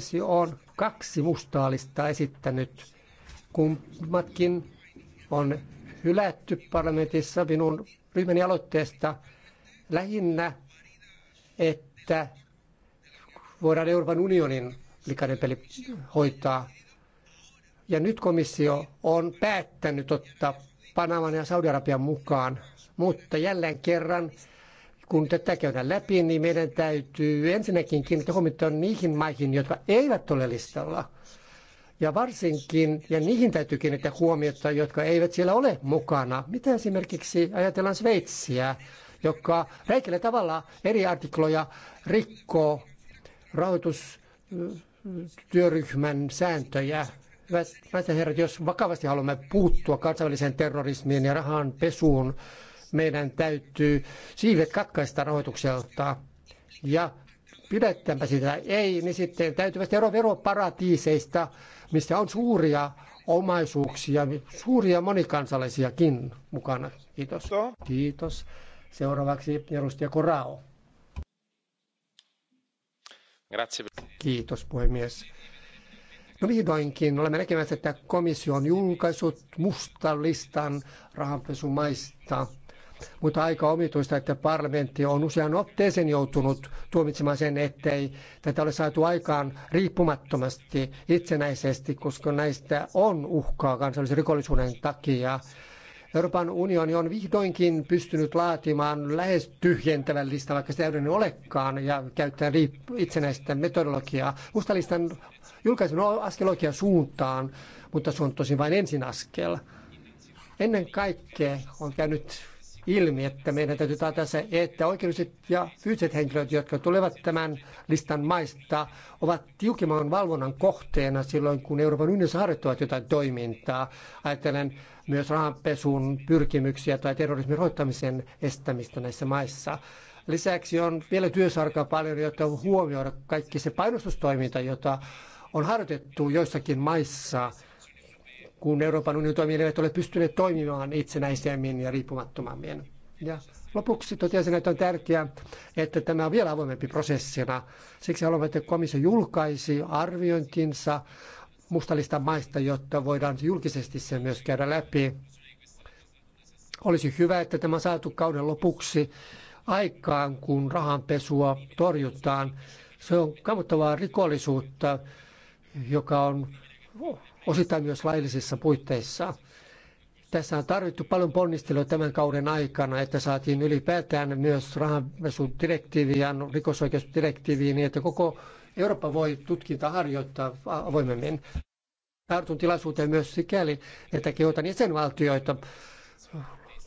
Komissio on kaksi mustaalista esittänyt. Kummatkin on hylätty parlamentissa minun ryhmäni aloitteesta lähinnä, että voidaan Euroopan unionin likainen peli hoitaa. Ja nyt komissio on päättänyt ottaa Panaman ja Saudi-Arabian mukaan, mutta jälleen kerran kun tätä käydään läpi, niin meidän täytyy ensinnäkin kiinnittää huomiota niihin maihin, jotka eivät ole listalla. Ja varsinkin, ja niihin täytyy kiinnittää huomiota, jotka eivät siellä ole mukana. Mitä esimerkiksi ajatellaan Sveitsiä, joka räikeällä tavalla eri artikloja rikkoo rahoitustyöryhmän sääntöjä. Hyvät herrat, jos vakavasti haluamme puuttua kansainväliseen terrorismiin ja rahan pesuun, meidän täytyy siivet katkaista rahoitukselta. Ja pidettäänpä sitä ei, niin sitten täytyvät ero veroparatiiseista, missä on suuria omaisuuksia, suuria monikansallisiakin mukana. Kiitos. Kiitos. Seuraavaksi edustaja Korao. Grazie. Kiitos puhemies. No vihdoinkin olemme näkemässä, että komissio on julkaissut mustan listan rahanpesumaista mutta aika omituista, että parlamentti on usean otteeseen joutunut tuomitsemaan sen, ettei tätä ole saatu aikaan riippumattomasti itsenäisesti, koska näistä on uhkaa kansallisen rikollisuuden takia. Euroopan unioni on vihdoinkin pystynyt laatimaan lähes tyhjentävän listan, vaikka se ei olekaan, ja käyttää itsenäistä metodologiaa. Musta julkaiseminen on askel oikeaan suuntaan, mutta se on tosin vain ensin askel. Ennen kaikkea on käynyt ilmi, että meidän täytyy taata se, että oikeudelliset ja fyysiset henkilöt, jotka tulevat tämän listan maista, ovat tiukimman valvonnan kohteena silloin, kun Euroopan unionissa harjoittavat jotain toimintaa. Ajattelen myös rahanpesun pyrkimyksiä tai terrorismin rahoittamisen estämistä näissä maissa. Lisäksi on vielä työsarkaa paljon, jotta huomioida kaikki se painostustoiminta, jota on harjoitettu joissakin maissa – kun Euroopan unionin toimijat eivät ole pystyneet toimimaan itsenäisemmin ja riippumattomammin. Ja lopuksi totesin, että on tärkeää, että tämä on vielä avoimempi prosessina. Siksi haluamme, että komissio julkaisi arviointinsa mustalista maista, jotta voidaan julkisesti se myös käydä läpi. Olisi hyvä, että tämä on saatu kauden lopuksi aikaan, kun rahanpesua torjutaan. Se on kammottavaa rikollisuutta, joka on osittain myös laillisissa puitteissa. Tässä on tarvittu paljon ponnistelua tämän kauden aikana, että saatiin ylipäätään myös rahanpesudirektiivi ja rikosoikeusdirektiivi niin että koko Eurooppa voi tutkinta harjoittaa avoimemmin. Tartun tilaisuuteen myös sikäli, että kehotan jäsenvaltioita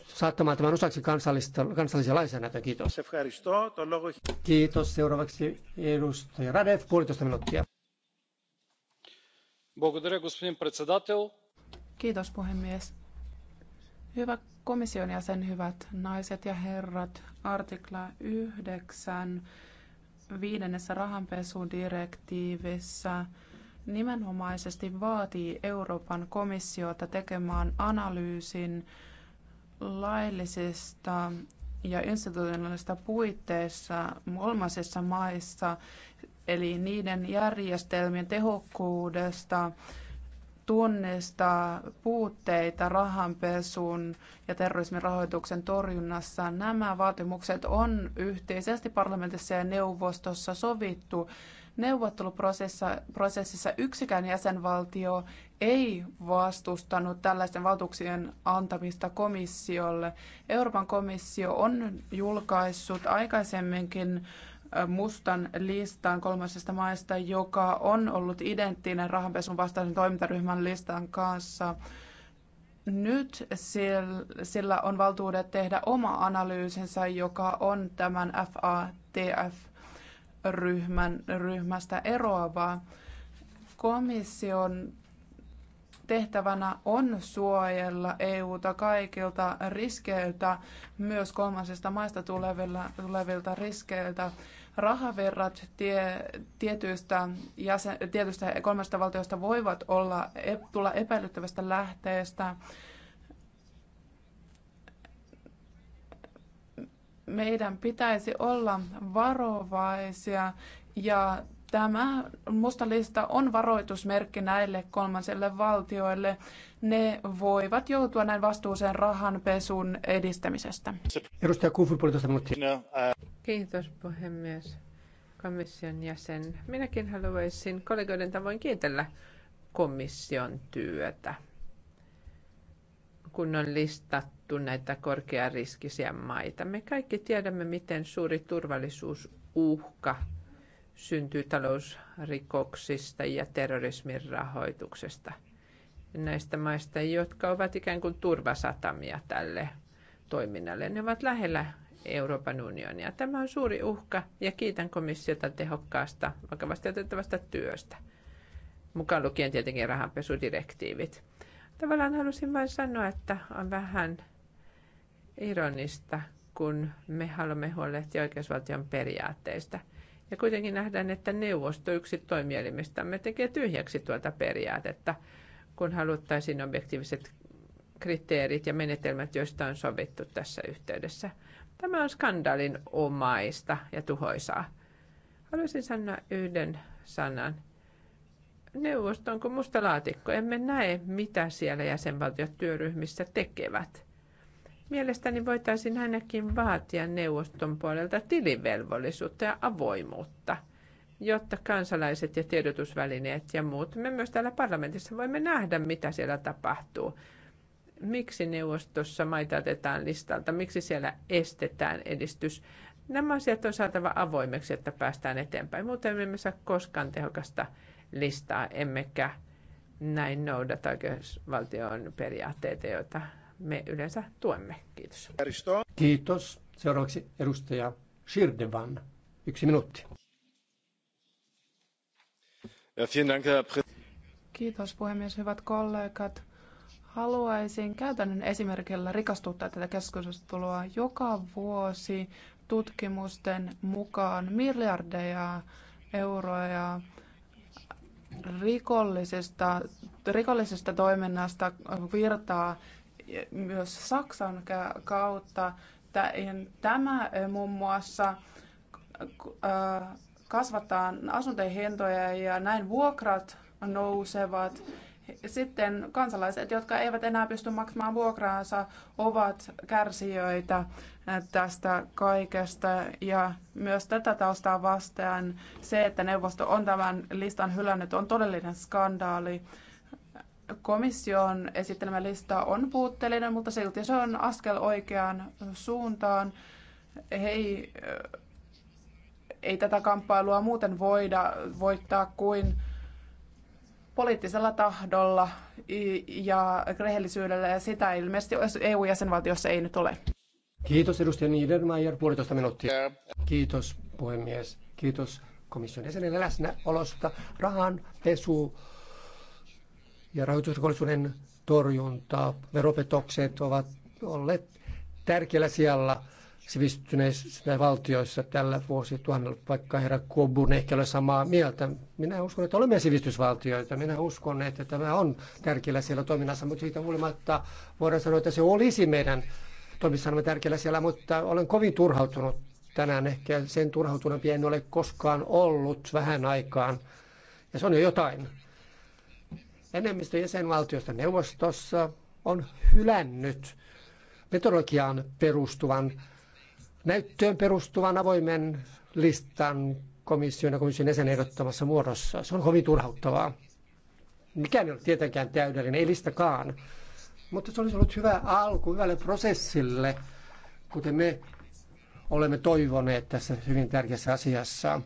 saattamaan tämän osaksi kansallista, kansallisia lainsäädäntöä. Kiitos. Kiitos. Seuraavaksi edustaja Radev, puolitoista minuuttia arvoisa Kiitos puhemies. Hyvä komission jäsen, hyvät naiset ja herrat. Artikla 9 viidennessä rahanpesudirektiivissä nimenomaisesti vaatii Euroopan komissiota tekemään analyysin laillisista ja institutionaalisista puitteista kolmansissa maissa eli niiden järjestelmien tehokkuudesta tunnistaa puutteita rahanpesun ja terrorismin rahoituksen torjunnassa. Nämä vaatimukset on yhteisesti parlamentissa ja neuvostossa sovittu. Neuvotteluprosessissa yksikään jäsenvaltio ei vastustanut tällaisten valtuuksien antamista komissiolle. Euroopan komissio on julkaissut aikaisemminkin mustan listan kolmansista maista, joka on ollut identtinen rahanpesun vastaisen toimintaryhmän listan kanssa. Nyt sillä on valtuudet tehdä oma analyysinsä, joka on tämän FATF-ryhmän ryhmästä eroavaa. Komission tehtävänä on suojella EUta kaikilta riskeiltä, myös kolmansista maista tulevilta riskeiltä rahavirrat tie, tietyistä, jäsen, tietystä kolmesta valtiosta voivat olla, tulla epäilyttävästä lähteestä. Meidän pitäisi olla varovaisia ja tämä musta lista on varoitusmerkki näille kolmansille valtioille ne voivat joutua näin vastuuseen rahanpesun edistämisestä. Edustaja Kufur, puolitoista minuuttia. No, äh, Kiitos puhemies, komission jäsen. Minäkin haluaisin kollegoiden tavoin kiitellä komission työtä, kun on listattu näitä korkeariskisiä maita. Me kaikki tiedämme, miten suuri turvallisuusuhka syntyy talousrikoksista ja terrorismin rahoituksesta – näistä maista, jotka ovat ikään kuin turvasatamia tälle toiminnalle. Ne ovat lähellä Euroopan unionia. Tämä on suuri uhka ja kiitän komissiota tehokkaasta, vakavasti otettavasta työstä, mukaan lukien tietenkin rahanpesudirektiivit. Tavallaan halusin vain sanoa, että on vähän ironista, kun me haluamme huolehtia oikeusvaltion periaatteista. Ja kuitenkin nähdään, että neuvosto yksi toimielimistämme tekee tyhjäksi tuota periaatetta – kun haluttaisiin objektiiviset kriteerit ja menetelmät, joista on sovittu tässä yhteydessä. Tämä on skandaalin omaista ja tuhoisaa. Haluaisin sanoa yhden sanan. Neuvosto on kuin musta laatikko. Emme näe, mitä siellä jäsenvaltiot työryhmissä tekevät. Mielestäni voitaisiin ainakin vaatia neuvoston puolelta tilivelvollisuutta ja avoimuutta – jotta kansalaiset ja tiedotusvälineet ja muut, me myös täällä parlamentissa voimme nähdä, mitä siellä tapahtuu. Miksi neuvostossa maita otetaan listalta, miksi siellä estetään edistys. Nämä asiat on saatava avoimeksi, että päästään eteenpäin. Muuten me emme saa koskaan tehokasta listaa, emmekä näin noudata oikeusvaltion periaatteita, joita me yleensä tuemme. Kiitos. Kiitos. Seuraavaksi edustaja Shirdevan. Yksi minuutti. Kiitos puhemies, hyvät kollegat. Haluaisin käytännön esimerkillä rikastuttaa tätä keskustelua. Joka vuosi tutkimusten mukaan miljardeja euroja rikollisesta, rikollisesta toiminnasta virtaa myös Saksan kautta. Tämä eh, muun muassa äh, kasvataan asuntojen hintoja ja näin vuokrat nousevat. Sitten kansalaiset, jotka eivät enää pysty maksamaan vuokraansa, ovat kärsijöitä tästä kaikesta. Ja myös tätä taustaa vastaan se, että neuvosto on tämän listan hylännyt, on todellinen skandaali komission esittelemä lista on puutteellinen, mutta silti se on askel oikeaan suuntaan. Hei, ei tätä kamppailua muuten voida voittaa kuin poliittisella tahdolla ja rehellisyydellä, ja sitä ilmeisesti EU-jäsenvaltiossa ei nyt ole. Kiitos edustaja Niedermayer, puolitoista minuuttia. Kiitos puhemies, kiitos komission jäsenelle läsnäolosta. Rahan pesu ja rahoitusrikollisuuden torjunta, veropetokset ovat olleet tärkeällä sijalla sivistyneissä valtioissa tällä vuosituhannella, vaikka herra Kobun ehkä ole samaa mieltä. Minä uskon, että olemme sivistysvaltioita. Minä uskon, että tämä on tärkeällä siellä toiminnassa, mutta siitä huolimatta voidaan sanoa, että se olisi meidän toimissamme tärkeällä siellä, mutta olen kovin turhautunut tänään. Ehkä sen turhautuneempi en ole koskaan ollut vähän aikaan. Ja se on jo jotain. Enemmistö jäsenvaltiosta neuvostossa on hylännyt metodologiaan perustuvan näyttöön perustuvan avoimen listan komission ja komission jäsenen ehdottamassa muodossa. Se on kovin turhauttavaa. Mikään ei ole tietenkään täydellinen, ei listakaan. Mutta se olisi ollut hyvä alku hyvälle prosessille, kuten me olemme toivoneet tässä hyvin tärkeässä asiassa.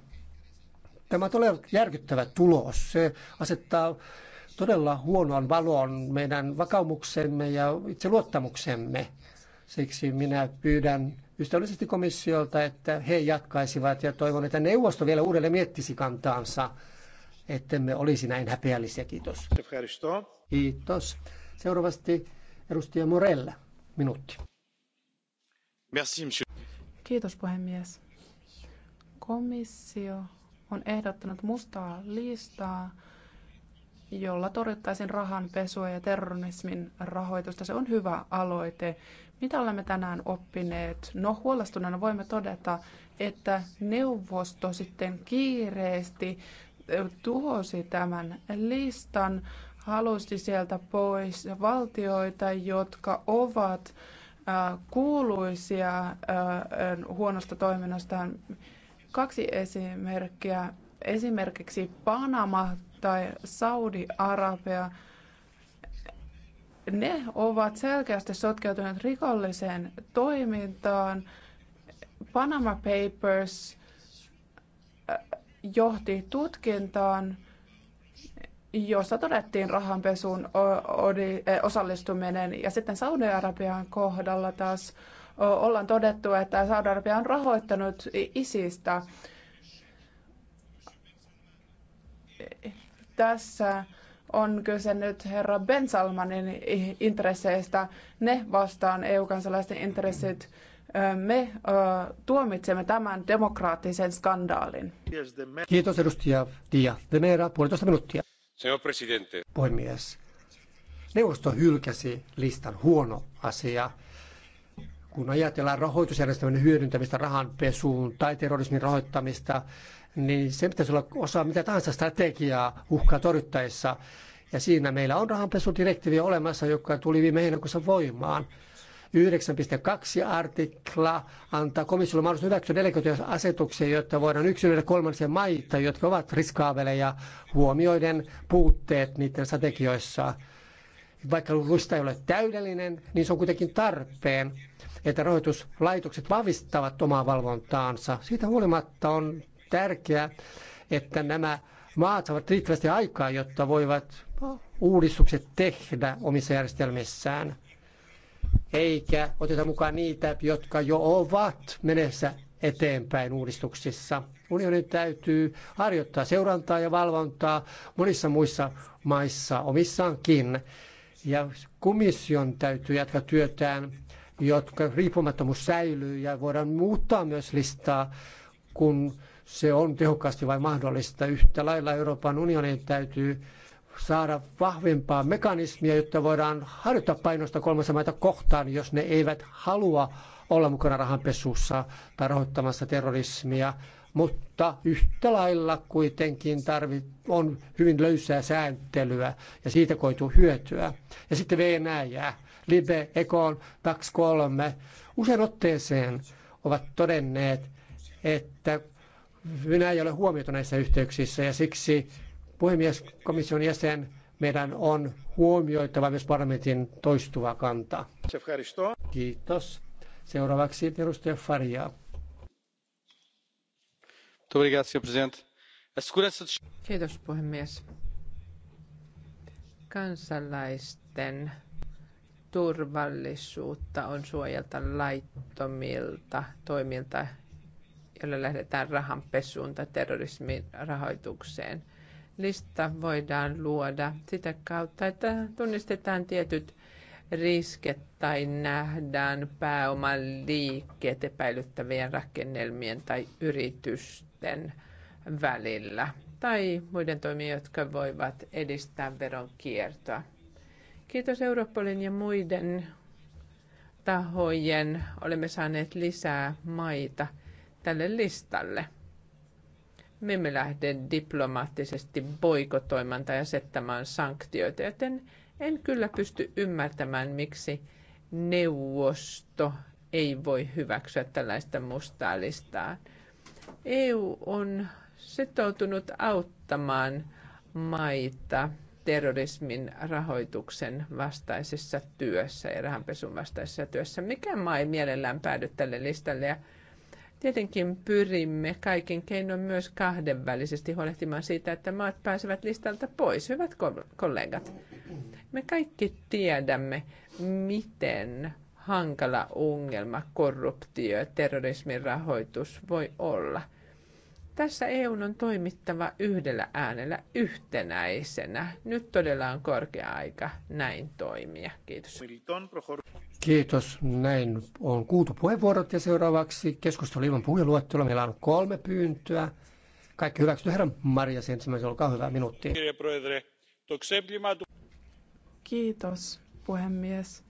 Tämä on järkyttävä tulos. Se asettaa todella huonoon valoon meidän vakaumuksemme ja itse luottamuksemme. Siksi minä pyydän ystävällisesti komissiolta, että he jatkaisivat ja toivon, että neuvosto vielä uudelleen miettisi kantaansa, ettemme olisi näin häpeällisiä. Kiitos. Kiitos. Seuraavasti edustaja Morella, minuutti. Kiitos puhemies. Komissio on ehdottanut mustaa listaa jolla torjuttaisiin rahanpesua ja terrorismin rahoitusta. Se on hyvä aloite. Mitä olemme tänään oppineet? No huolestuneena voimme todeta, että neuvosto sitten kiireesti tuhosi tämän listan, halusi sieltä pois valtioita, jotka ovat kuuluisia huonosta toiminnasta. Kaksi esimerkkiä esimerkiksi Panama tai Saudi-Arabia, ne ovat selkeästi sotkeutuneet rikolliseen toimintaan. Panama Papers äh, johti tutkintaan, jossa todettiin rahanpesuun äh, osallistuminen. Ja sitten Saudi-Arabian kohdalla taas ollaan todettu, että Saudi-Arabia on rahoittanut isistä. Tässä on kyse nyt herra Bensalmanin intresseistä. Ne vastaan EU-kansalaisten intressit. Me ö, tuomitsemme tämän demokraattisen skandaalin. Kiitos edustaja Tia, Demera, puolitoista minuuttia. Señor presidente. Puhemies. Neuvosto hylkäsi listan huono asia. Kun ajatellaan rahoitusjärjestelmän hyödyntämistä rahanpesuun tai terrorismin rahoittamista, niin se pitäisi olla osa mitä tahansa strategiaa uhkaa torjuttaessa. Ja siinä meillä on rahanpesudirektiivi olemassa, joka tuli viime heinäkuussa voimaan. 9.2 artikla antaa komissiolle mahdollisuus hyväksyä delegoituja asetuksia, jotta voidaan yksilöidä kolmansia maita, jotka ovat riskaaveleja huomioiden puutteet niiden strategioissa. Vaikka luista ei ole täydellinen, niin se on kuitenkin tarpeen, että rahoituslaitokset vahvistavat omaa valvontaansa. Siitä huolimatta on tärkeää, että nämä maat saavat riittävästi aikaa, jotta voivat uudistukset tehdä omissa järjestelmissään, eikä oteta mukaan niitä, jotka jo ovat menessä eteenpäin uudistuksissa. Unionin täytyy harjoittaa seurantaa ja valvontaa monissa muissa maissa omissaankin. Ja komission täytyy jatkaa työtään, jotka riippumattomuus säilyy ja voidaan muuttaa myös listaa, kun se on tehokkaasti vain mahdollista. Yhtä lailla Euroopan unionin täytyy saada vahvempaa mekanismia, jotta voidaan harjoittaa painosta kolmessa maita kohtaan, jos ne eivät halua olla mukana rahanpesussa tai rahoittamassa terrorismia. Mutta yhtä lailla kuitenkin tarvit, on hyvin löysää sääntelyä ja siitä koituu hyötyä. Ja sitten Venäjä, Libe, Ekon, Tax 3 usein otteeseen ovat todenneet, että Venäjä ei ole huomioitu näissä yhteyksissä ja siksi puhemies komission jäsen meidän on huomioitava myös parlamentin toistuva kanta. Kiitos. Seuraavaksi edustaja Faria. Kiitos puhemies. Kansalaisten turvallisuutta on suojelta laittomilta toimilta, jolla lähdetään rahanpesuun tai terrorismin rahoitukseen. Lista voidaan luoda sitä kautta, että tunnistetaan tietyt riskit tai nähdään pääoman liikkeet epäilyttävien rakennelmien tai yritysten välillä tai muiden toimijoiden, jotka voivat edistää veronkiertoa. Kiitos Europolin ja muiden tahojen olemme saaneet lisää maita – tälle listalle. Me emme lähde diplomaattisesti boikotoimaan tai asettamaan sanktioita, joten en kyllä pysty ymmärtämään, miksi neuvosto ei voi hyväksyä tällaista mustaa listaa. EU on sitoutunut auttamaan maita terrorismin rahoituksen vastaisessa työssä ja rahanpesun vastaisessa työssä. Mikä maa ei mielellään päädy tälle listalle ja Tietenkin pyrimme kaiken keinoin myös kahdenvälisesti huolehtimaan siitä, että maat pääsevät listalta pois. Hyvät kollegat, me kaikki tiedämme, miten hankala ongelma korruptio ja terrorismin rahoitus voi olla – tässä EU on toimittava yhdellä äänellä yhtenäisenä. Nyt todella on korkea aika näin toimia. Kiitos. Kiitos. Näin on kuultu puheenvuorot ja seuraavaksi keskustelu ilman puheenluettelua. Meillä on kolme pyyntöä. Kaikki hyväksytty. Herra Marja, ensimmäisen olkaa hyvä minuutti. Kiitos, puhemies.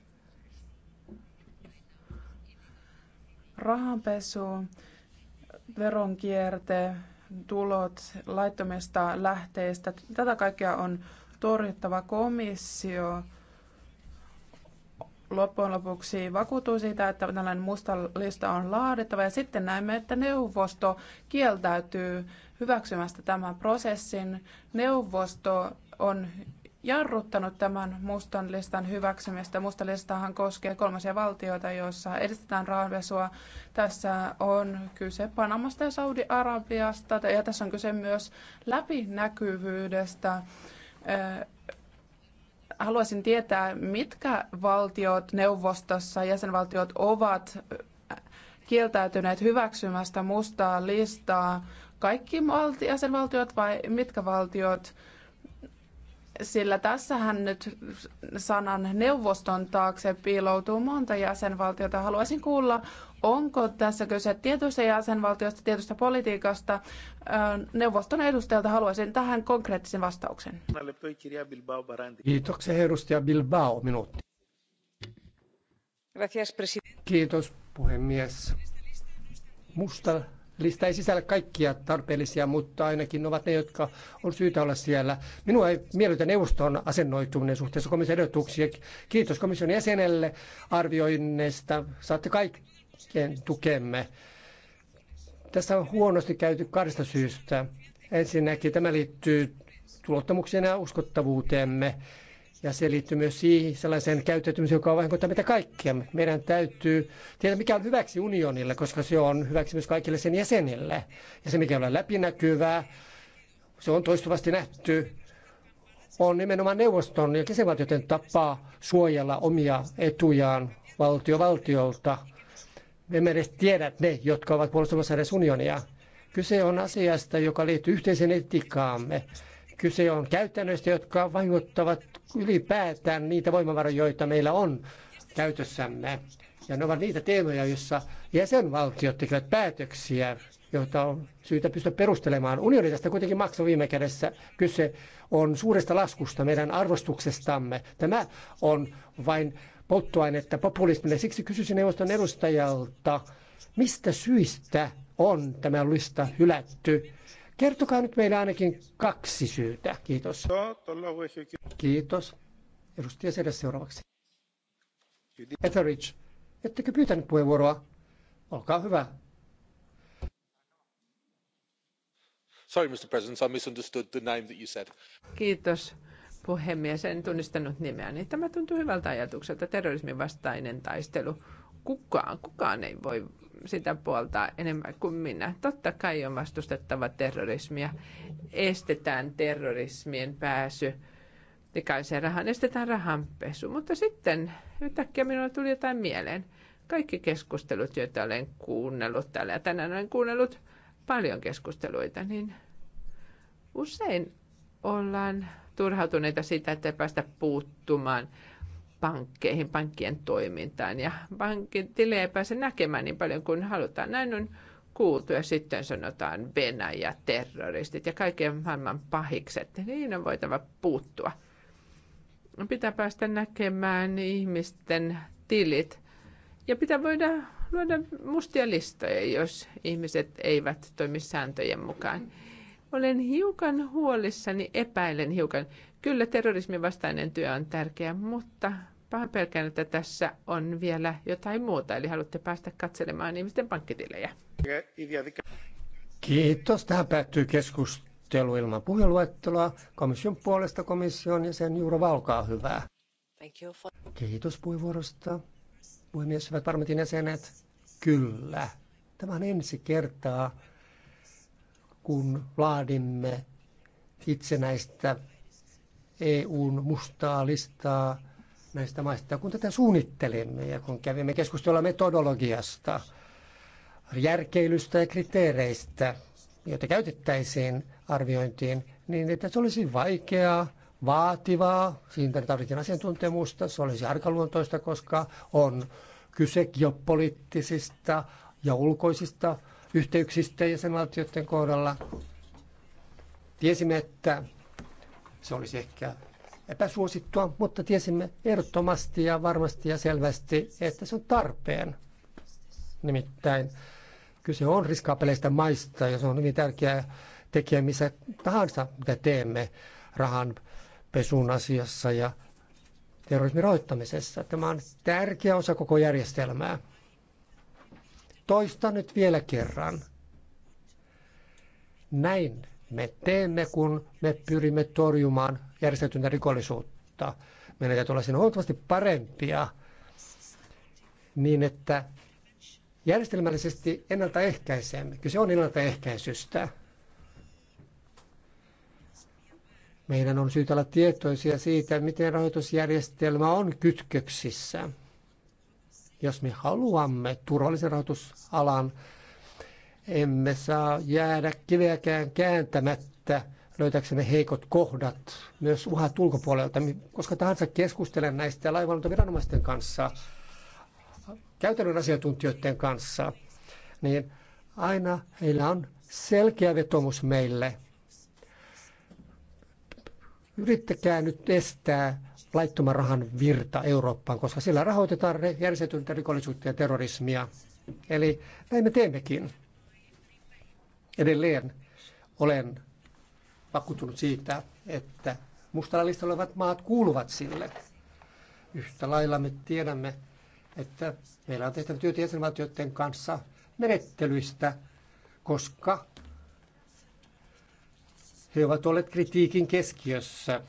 Rahanpesu veronkierte, tulot laittomista lähteistä. Tätä kaikkea on torjuttava komissio loppujen lopuksi vakuutuu siitä, että tällainen musta lista on laadittava. Ja sitten näemme, että neuvosto kieltäytyy hyväksymästä tämän prosessin. Neuvosto on jarruttanut tämän mustan listan hyväksymistä. Musta listahan koskee kolmasia valtioita, joissa edistetään rahanpesua. Tässä on kyse Panamasta ja Saudi-Arabiasta ja tässä on kyse myös läpinäkyvyydestä. Äh, haluaisin tietää, mitkä valtiot neuvostossa, jäsenvaltiot ovat kieltäytyneet hyväksymästä mustaa listaa. Kaikki jäsenvaltiot vai mitkä valtiot? sillä tässähän nyt sanan neuvoston taakse piiloutuu monta jäsenvaltiota. Haluaisin kuulla, onko tässä kyse tietystä jäsenvaltiosta, tietystä politiikasta. Neuvoston edustajalta haluaisin tähän konkreettisen vastauksen. Kiitoksia edustaja Bilbao, minuutti. Kiitos puhemies. Musta Lista ei sisällä kaikkia tarpeellisia, mutta ainakin ovat ne, jotka on syytä olla siellä. Minua ei miellytä neuvoston asennoituminen suhteessa komission ehdotuksiin. Kiitos komission jäsenelle arvioinnista. Saatte kaikkien tukemme. Tässä on huonosti käyty kahdesta syystä. Ensinnäkin tämä liittyy tulottamukseen ja uskottavuuteemme. Ja se liittyy myös siihen sellaiseen käyttäytymiseen, joka on vahinkoittaa meitä kaikkia. Meidän täytyy tietää, mikä on hyväksi unionille, koska se on hyväksi myös kaikille sen jäsenille. Ja se, mikä on läpinäkyvää, se on toistuvasti nähty, on nimenomaan neuvoston ja jäsenvaltioiden tapaa suojella omia etujaan valtiovaltiolta. Me emme edes tiedä ne, jotka ovat puolustamassa edes unionia. Kyse on asiasta, joka liittyy yhteiseen etikaamme. Kyse on käytännöistä, jotka vaikuttavat ylipäätään niitä voimavaroja, joita meillä on käytössämme. Ja ne ovat niitä teemoja, joissa jäsenvaltiot tekevät päätöksiä, joita on syytä pystyä perustelemaan. Unioni tästä kuitenkin maksaa viime kädessä. Kyse on suuresta laskusta meidän arvostuksestamme. Tämä on vain polttoainetta populismille. Siksi kysyisin neuvoston edustajalta, mistä syistä on tämä lista hylätty Kertokaa nyt meille ainakin kaksi syytä. Kiitos. Kiitos. Edustaja Sedes seuraavaksi. Etheridge, ettekö pyytänyt puheenvuoroa? Olkaa hyvä. Sorry, Mr. President, I misunderstood the name that you said. Kiitos, puhemies. En tunnistanut nimeäni. Niin tämä tuntuu hyvältä ajatukselta. Terrorismin vastainen taistelu. Kukaan, kukaan ei voi sitä puoltaa enemmän kuin minä. Totta kai on vastustettava terrorismia. Estetään terrorismien pääsy likaiseen rahan estetään rahanpesu. Mutta sitten yhtäkkiä minulla tuli jotain mieleen. Kaikki keskustelut, joita olen kuunnellut täällä, ja tänään olen kuunnellut paljon keskusteluita, niin usein ollaan turhautuneita siitä, että ei päästä puuttumaan pankkeihin, pankkien toimintaan ja tilejä ei pääse näkemään niin paljon kuin halutaan. Näin on kuultu ja sitten sanotaan Venäjä, terroristit ja kaiken maailman pahikset. Niin on voitava puuttua. Pitää päästä näkemään ihmisten tilit ja pitää voida luoda mustia listoja, jos ihmiset eivät toimi sääntöjen mukaan. Olen hiukan huolissani, epäilen hiukan. Kyllä terrorismin vastainen työ on tärkeä, mutta pahan pelkään, että tässä on vielä jotain muuta, eli haluatte päästä katselemaan ihmisten pankkitilejä. Kiitos. Tähän päättyy keskustelu ilman puheluettelua. Komission puolesta komission ja sen juuri valkaa hyvää. Kiitos puheenvuorosta. Puhemies, hyvät parlamentin jäsenet. Kyllä. Tämä on ensi kertaa, kun laadimme itsenäistä EUn mustaa listaa näistä maista, kun tätä suunnittelimme ja kun kävimme keskustella metodologiasta, järkeilystä ja kriteereistä, joita käytettäisiin arviointiin, niin että se olisi vaikeaa, vaativaa, siitä tarvittiin asiantuntemusta, se olisi arkaluontoista, koska on kyse geopoliittisista ja ulkoisista yhteyksistä jäsenvaltioiden kohdalla. Tiesimme, että se olisi ehkä epäsuosittua, mutta tiesimme ehdottomasti ja varmasti ja selvästi, että se on tarpeen. Nimittäin kyse on riskaapeleista maista ja se on hyvin tärkeä tekijä missä tahansa, mitä teemme rahan pesun asiassa ja terrorismin rahoittamisessa. Tämä on tärkeä osa koko järjestelmää. Toista nyt vielä kerran. Näin me teemme, kun me pyrimme torjumaan järjestäytyntä rikollisuutta. Meillä täytyy olla siinä huomattavasti parempia niin, että järjestelmällisesti ennaltaehkäisemme. Kyse on ennaltaehkäisystä. Meidän on syytä olla tietoisia siitä, miten rahoitusjärjestelmä on kytköksissä jos me haluamme turvallisen rahoitusalan, emme saa jäädä kiveäkään kääntämättä löytääksemme heikot kohdat, myös uhat ulkopuolelta. Koska tahansa keskustelen näistä laivanvalvontaviranomaisten kanssa, käytännön asiantuntijoiden kanssa, niin aina heillä on selkeä vetomus meille. Yrittäkää nyt estää laittoman rahan virta Eurooppaan, koska sillä rahoitetaan järjestetyntä rikollisuutta ja terrorismia. Eli näin me teemmekin. Edelleen olen vakuuttunut siitä, että mustalla listalla olevat maat kuuluvat sille. Yhtä lailla me tiedämme, että meillä on tehtävä työtä jäsenvaltioiden kanssa menettelyistä, koska he ovat olleet kritiikin keskiössä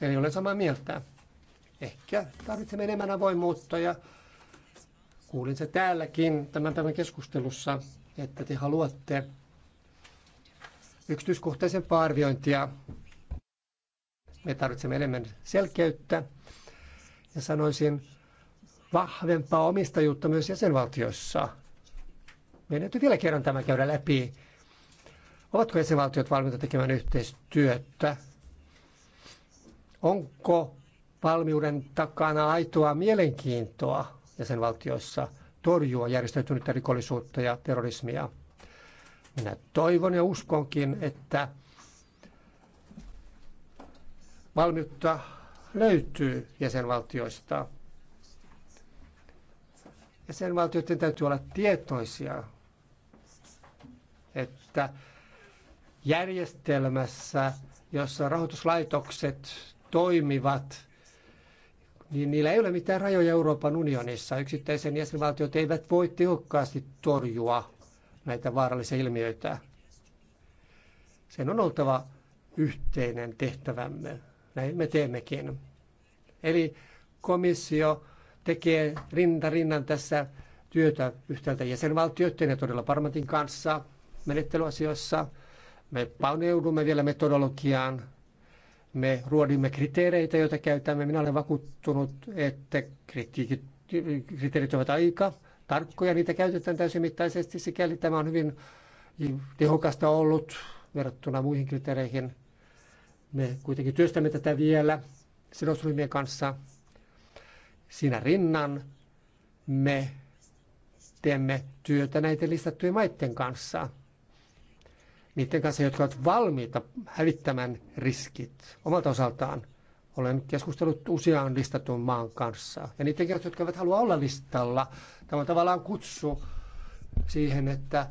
ei ole samaa mieltä. Ehkä tarvitsemme enemmän avoimuutta ja kuulin se täälläkin tämän päivän keskustelussa, että te haluatte yksityiskohtaisempaa arviointia. Me tarvitsemme enemmän selkeyttä ja sanoisin vahvempaa omistajuutta myös jäsenvaltioissa. Meidän täytyy vielä kerran tämä käydä läpi. Ovatko jäsenvaltiot valmiita tekemään yhteistyötä Onko valmiuden takana aitoa mielenkiintoa jäsenvaltioissa torjua järjestäytynyttä rikollisuutta ja terrorismia? Minä toivon ja uskonkin, että valmiutta löytyy jäsenvaltioista. Jäsenvaltioiden täytyy olla tietoisia, että järjestelmässä, jossa rahoituslaitokset toimivat, niin niillä ei ole mitään rajoja Euroopan unionissa. Yksittäisen jäsenvaltiot eivät voi tehokkaasti torjua näitä vaarallisia ilmiöitä. Sen on oltava yhteinen tehtävämme. Näin me teemmekin. Eli komissio tekee rinta rinnan tässä työtä yhtäältä jäsenvaltioiden ja todella parlamentin kanssa menettelyasioissa. Me paneudumme vielä metodologiaan, me ruodimme kriteereitä, joita käytämme. Minä olen vakuuttunut, että kriteerit ovat aika tarkkoja. Niitä käytetään täysimittaisesti, sikäli tämä on hyvin tehokasta ollut verrattuna muihin kriteereihin. Me kuitenkin työstämme tätä vielä sidosryhmien kanssa. Siinä rinnan me teemme työtä näiden listattujen maiden kanssa – niiden kanssa, jotka ovat valmiita hävittämään riskit omalta osaltaan. Olen keskustellut useaan listatun maan kanssa ja niiden kanssa, jotka eivät halua olla listalla. Tämä on tavallaan kutsu siihen, että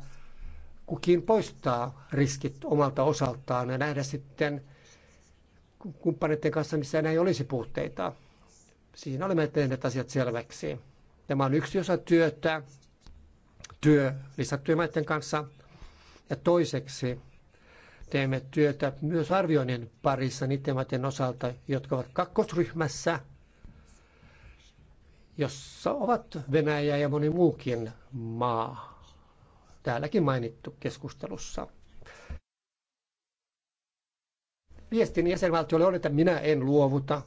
kukin poistaa riskit omalta osaltaan ja nähdä sitten kumppaneiden kanssa, missä enää ei olisi puutteita. Siinä olemme tehneet asiat selväksi. Tämä on yksi osa työtä, työ lisättyjen maiden kanssa – ja toiseksi teemme työtä myös arvioinnin parissa niiden maiden osalta, jotka ovat kakkosryhmässä, jossa ovat Venäjä ja moni muukin maa. Täälläkin mainittu keskustelussa. Viestin jäsenvaltiolle on, että minä en luovuta.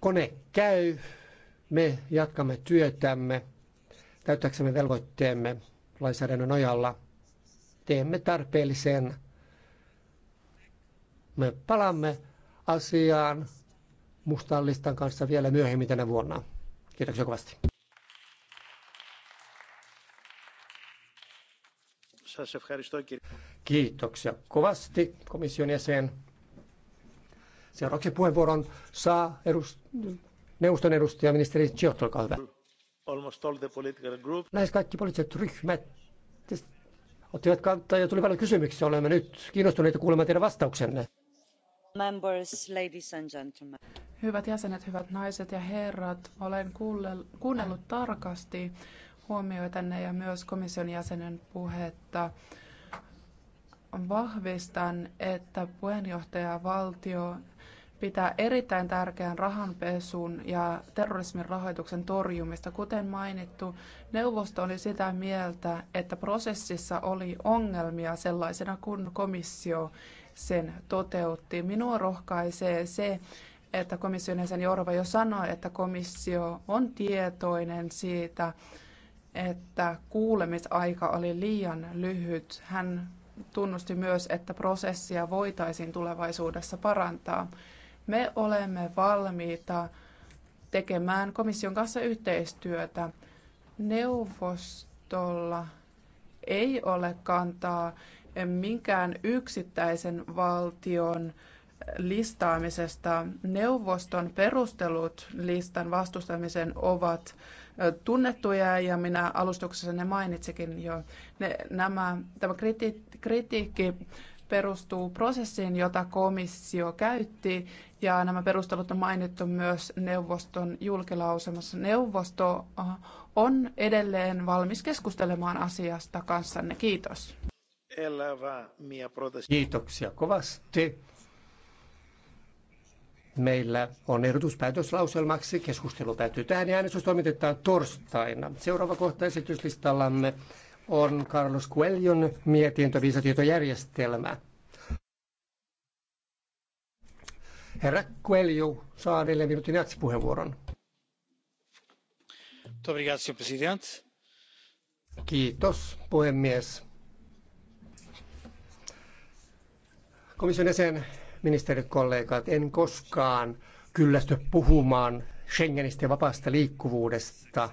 Kone käy, me jatkamme työtämme, täyttääksemme velvoitteemme lainsäädännön nojalla – teemme tarpeellisen. Me palaamme asiaan mustan listan kanssa vielä myöhemmin tänä vuonna. Kiitoksia kovasti. Kiitoksia kovasti komission jäsen. Seuraavaksi puheenvuoron saa edust- neuvoston edustaja ministeri Giotto, olkaa hyvä. Lähes kaikki poliittiset ryhmät ottivat kantaa ja tuli paljon kysymyksiä. Olemme nyt kiinnostuneita kuulemaan teidän vastauksenne. Members, ladies and gentlemen. Hyvät jäsenet, hyvät naiset ja herrat, olen kuunnellut tarkasti huomioitanne ja myös komission jäsenen puhetta. Vahvistan, että puheenjohtajavaltio pitää erittäin tärkeän rahanpesun ja terrorismin rahoituksen torjumista. Kuten mainittu, neuvosto oli sitä mieltä, että prosessissa oli ongelmia sellaisena kuin komissio sen toteutti. Minua rohkaisee se, että komission jäsen Jorva jo sanoi, että komissio on tietoinen siitä, että kuulemisaika oli liian lyhyt. Hän tunnusti myös, että prosessia voitaisiin tulevaisuudessa parantaa. Me olemme valmiita tekemään komission kanssa yhteistyötä. Neuvostolla ei ole kantaa minkään yksittäisen valtion listaamisesta. Neuvoston perustelut listan vastustamisen ovat tunnettuja ja minä alustuksessa ne mainitsikin jo. Ne, nämä, tämä kriti, kritiikki perustuu prosessiin, jota komissio käytti, ja nämä perustelut on mainittu myös neuvoston julkilausemassa. Neuvosto äh, on edelleen valmis keskustelemaan asiasta kanssanne. Kiitos. Kiitoksia kovasti. Meillä on ehdotus päätöslauselmaksi. Keskustelu päättyy tähän ja äänestys toimitetaan torstaina. Seuraava kohta esityslistallamme on Carlos Coelhon mietintö viisatietojärjestelmä. Herra Coelho saa neljän minuutin jatkopuheenvuoron. Kiitos, puhemies. Komission jäsen, ministerikollegat, en koskaan kyllästy puhumaan Schengenistä ja vapaasta liikkuvuudesta.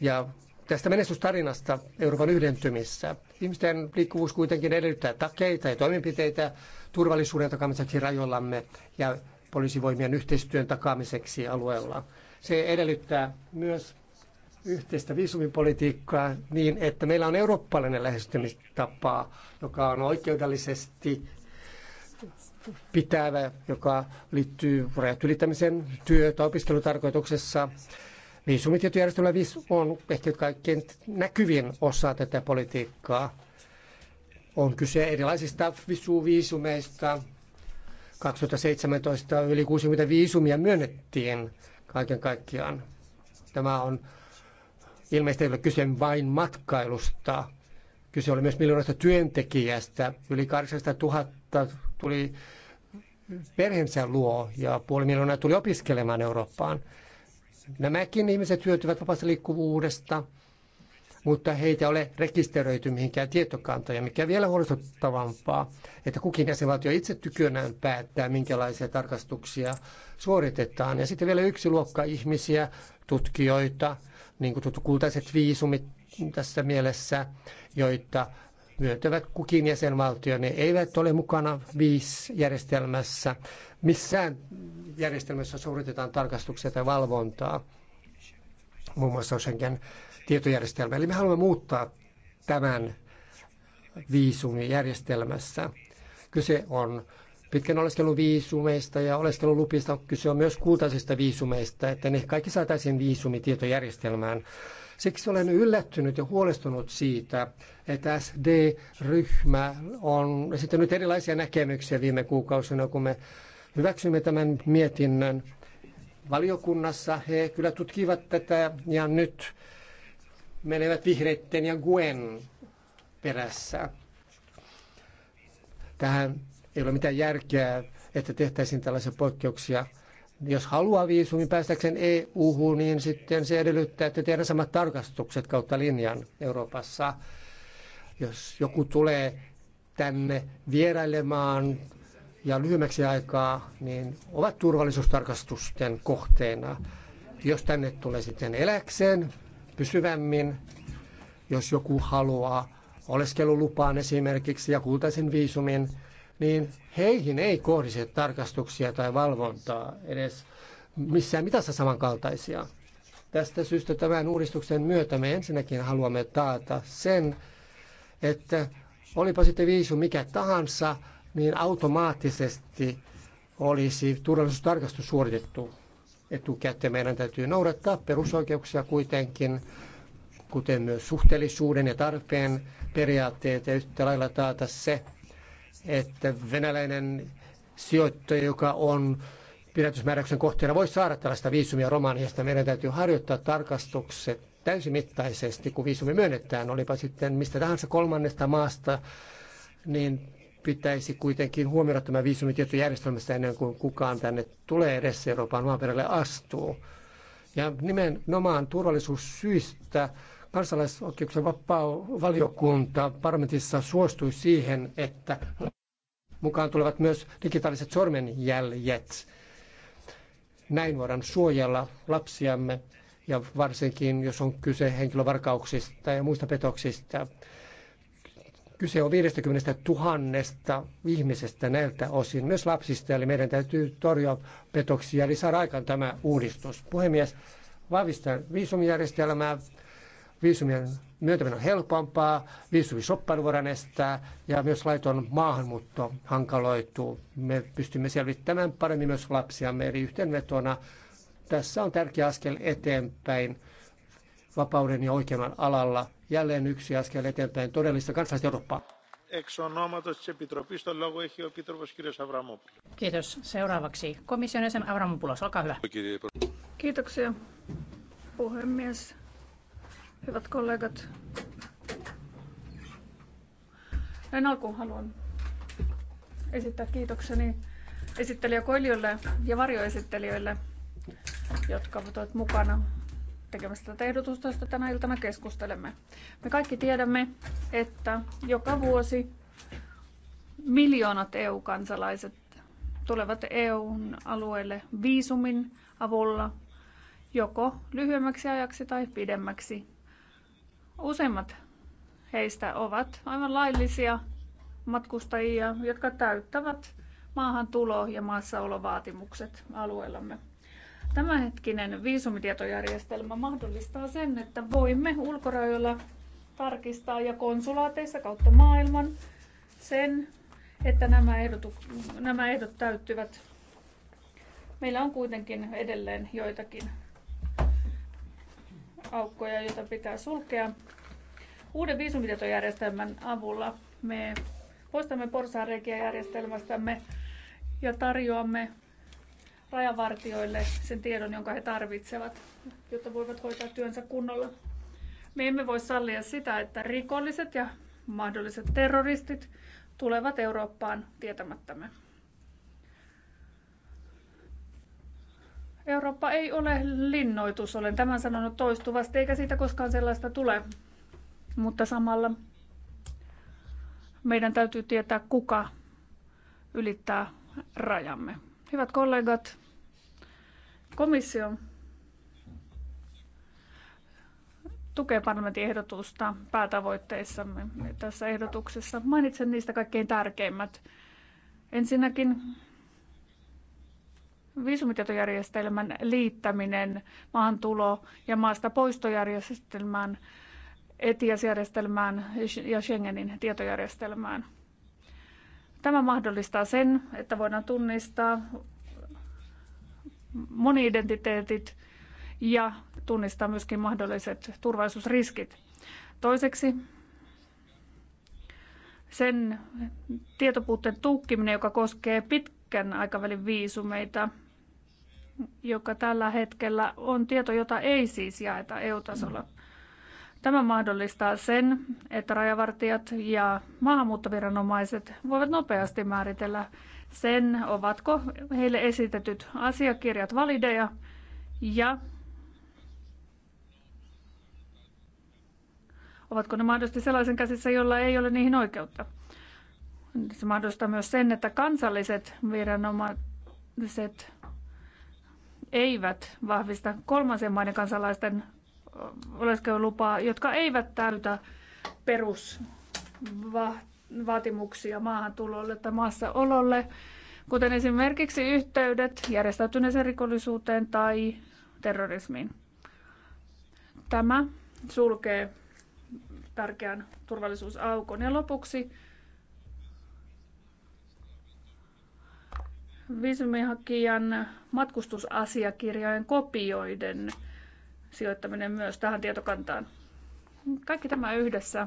Ja tästä menestystarinasta Euroopan yhdentymissä. Ihmisten liikkuvuus kuitenkin edellyttää takeita ja toimenpiteitä turvallisuuden takaamiseksi rajoillamme ja poliisivoimien yhteistyön takaamiseksi alueella. Se edellyttää myös yhteistä viisumipolitiikkaa niin, että meillä on eurooppalainen lähestymistapa, joka on oikeudellisesti pitävä, joka liittyy rajat ylittämisen työ- tai opiskelutarkoituksessa Viisumitietojärjestelmä niin, VIS on ehkä kaikkein näkyvin osa tätä politiikkaa. On kyse erilaisista visuviisumeista. 2017 yli 60 viisumia myönnettiin kaiken kaikkiaan. Tämä on ilmeisesti ei ole kyse vain matkailusta. Kyse oli myös miljoonasta työntekijästä. Yli 800 000 tuli perheensä luo ja puoli miljoonaa tuli opiskelemaan Eurooppaan. Nämäkin no, ihmiset hyötyvät vapaasta liikkuvuudesta, mutta heitä ei ole rekisteröity mihinkään tietokantoja, mikä vielä huolestuttavampaa, että kukin jäsenvaltio itse tykönään päättää, minkälaisia tarkastuksia suoritetaan. Ja sitten vielä yksi luokka ihmisiä, tutkijoita, niin kuin kultaiset viisumit tässä mielessä, joita myöntävät kukin jäsenvaltio. Ne eivät ole mukana viis järjestelmässä. Missään järjestelmässä suoritetaan tarkastuksia tai valvontaa, muun muassa Schengen tietojärjestelmä. Eli me haluamme muuttaa tämän viisumijärjestelmässä. Kyse on pitkän oleskelun viisumeista ja oleskelulupista. Kyse on myös kultaisista viisumeista, että ne kaikki saataisiin viisumitietojärjestelmään. Siksi olen yllättynyt ja huolestunut siitä, että SD-ryhmä on esittänyt erilaisia näkemyksiä viime kuukausina, kun me hyväksymme tämän mietinnön. Valiokunnassa he kyllä tutkivat tätä ja nyt menevät vihreitten ja Gwen perässä. Tähän ei ole mitään järkeä, että tehtäisiin tällaisia poikkeuksia – jos haluaa viisumin päästäkseen EU-hun, niin sitten se edellyttää, että tehdään samat tarkastukset kautta linjan Euroopassa. Jos joku tulee tänne vierailemaan ja lyhyemmäksi aikaa, niin ovat turvallisuustarkastusten kohteena. Jos tänne tulee sitten eläkseen pysyvämmin, jos joku haluaa oleskelulupaan esimerkiksi ja kultaisen viisumin, niin heihin ei kohdise tarkastuksia tai valvontaa edes missään mitassa samankaltaisia. Tästä syystä tämän uudistuksen myötä me ensinnäkin haluamme taata sen, että olipa sitten viisu mikä tahansa, niin automaattisesti olisi turvallisuustarkastus suoritettu etukäteen. Meidän täytyy noudattaa perusoikeuksia kuitenkin, kuten myös suhteellisuuden ja tarpeen periaatteet ja yhtä lailla taata se, että venäläinen sijoittaja, joka on pidätysmääräyksen kohteena, voi saada tällaista viisumia Romaniasta. Meidän täytyy harjoittaa tarkastukset täysimittaisesti, kun viisumi myönnetään, olipa sitten mistä tahansa kolmannesta maasta, niin pitäisi kuitenkin huomioida tämä viisumitietojärjestelmästä ennen kuin kukaan tänne tulee edes Euroopan maaperälle astuu. Ja nimenomaan turvallisuussyistä kansalaisoikeuksien vapaa-valiokunta parlamentissa suostui siihen, että mukaan tulevat myös digitaaliset sormenjäljet. Näin voidaan suojella lapsiamme ja varsinkin jos on kyse henkilövarkauksista ja muista petoksista. Kyse on 50 000 ihmisestä näiltä osin, myös lapsista, eli meidän täytyy torjua petoksia, eli saada aikaan tämä uudistus. Puhemies, vahvistaa viisumijärjestelmää, viisumien myöntäminen on helpompaa, viisumisoppailu voidaan estää ja myös laiton maahanmuutto hankaloituu. Me pystymme selvittämään paremmin myös lapsiamme, eli yhteenvetona tässä on tärkeä askel eteenpäin vapauden ja oikeuden alalla. Jälleen yksi askel eteenpäin todellista kansallista Eurooppaa. Kiitos. Seuraavaksi komission jäsen Avramopoulos, olkaa hyvä. Kiitoksia, puhemies Hyvät kollegat, näin alkuun haluan esittää kiitokseni esittelijäkoilijoille ja varjoesittelijöille, jotka ovat mukana tekemässä tätä ehdotusta, josta tänä iltana keskustelemme. Me kaikki tiedämme, että joka vuosi miljoonat EU-kansalaiset tulevat EUn alueelle viisumin avulla joko lyhyemmäksi ajaksi tai pidemmäksi Useimmat heistä ovat aivan laillisia matkustajia, jotka täyttävät maahantulo- ja maassaolovaatimukset alueellamme. Tämänhetkinen viisumitietojärjestelmä mahdollistaa sen, että voimme ulkorajoilla tarkistaa ja konsulaateissa kautta maailman sen, että nämä, ehdotu, nämä ehdot täyttyvät. Meillä on kuitenkin edelleen joitakin aukkoja, joita pitää sulkea. Uuden viisumitietojärjestelmän avulla me poistamme porsaanreikiä järjestelmästämme ja tarjoamme rajavartioille sen tiedon, jonka he tarvitsevat, jotta voivat hoitaa työnsä kunnolla. Me emme voi sallia sitä, että rikolliset ja mahdolliset terroristit tulevat Eurooppaan tietämättämme. Eurooppa ei ole linnoitus, olen tämän sanonut toistuvasti, eikä siitä koskaan sellaista tule. Mutta samalla meidän täytyy tietää, kuka ylittää rajamme. Hyvät kollegat, komissio tukee parlamentin ehdotusta päätavoitteissamme tässä ehdotuksessa. Mainitsen niistä kaikkein tärkeimmät. Ensinnäkin viisumitietojärjestelmän liittäminen maahantulo- ja maasta poistojärjestelmään, ETIAS-järjestelmään ja Schengenin tietojärjestelmään. Tämä mahdollistaa sen, että voidaan tunnistaa moniidentiteetit ja tunnistaa myöskin mahdolliset turvallisuusriskit. Toiseksi sen tietopuutteen tukkiminen, joka koskee pitkään pitkän aikavälin viisumeita, joka tällä hetkellä on tieto, jota ei siis jaeta EU-tasolla. Tämä mahdollistaa sen, että rajavartijat ja maahanmuuttoviranomaiset voivat nopeasti määritellä sen, ovatko heille esitetyt asiakirjat valideja ja ovatko ne mahdollisesti sellaisen käsissä, jolla ei ole niihin oikeutta. Se mahdollistaa myös sen, että kansalliset viranomaiset eivät vahvista kolmansien maiden kansalaisten oleskelulupaa, jotka eivät täytä perusvaatimuksia maahantulolle tai maassaololle, kuten esimerkiksi yhteydet järjestäytyneeseen rikollisuuteen tai terrorismiin. Tämä sulkee tärkeän turvallisuusaukon. Ja lopuksi viisumihakijan matkustusasiakirjojen kopioiden sijoittaminen myös tähän tietokantaan. Kaikki tämä yhdessä.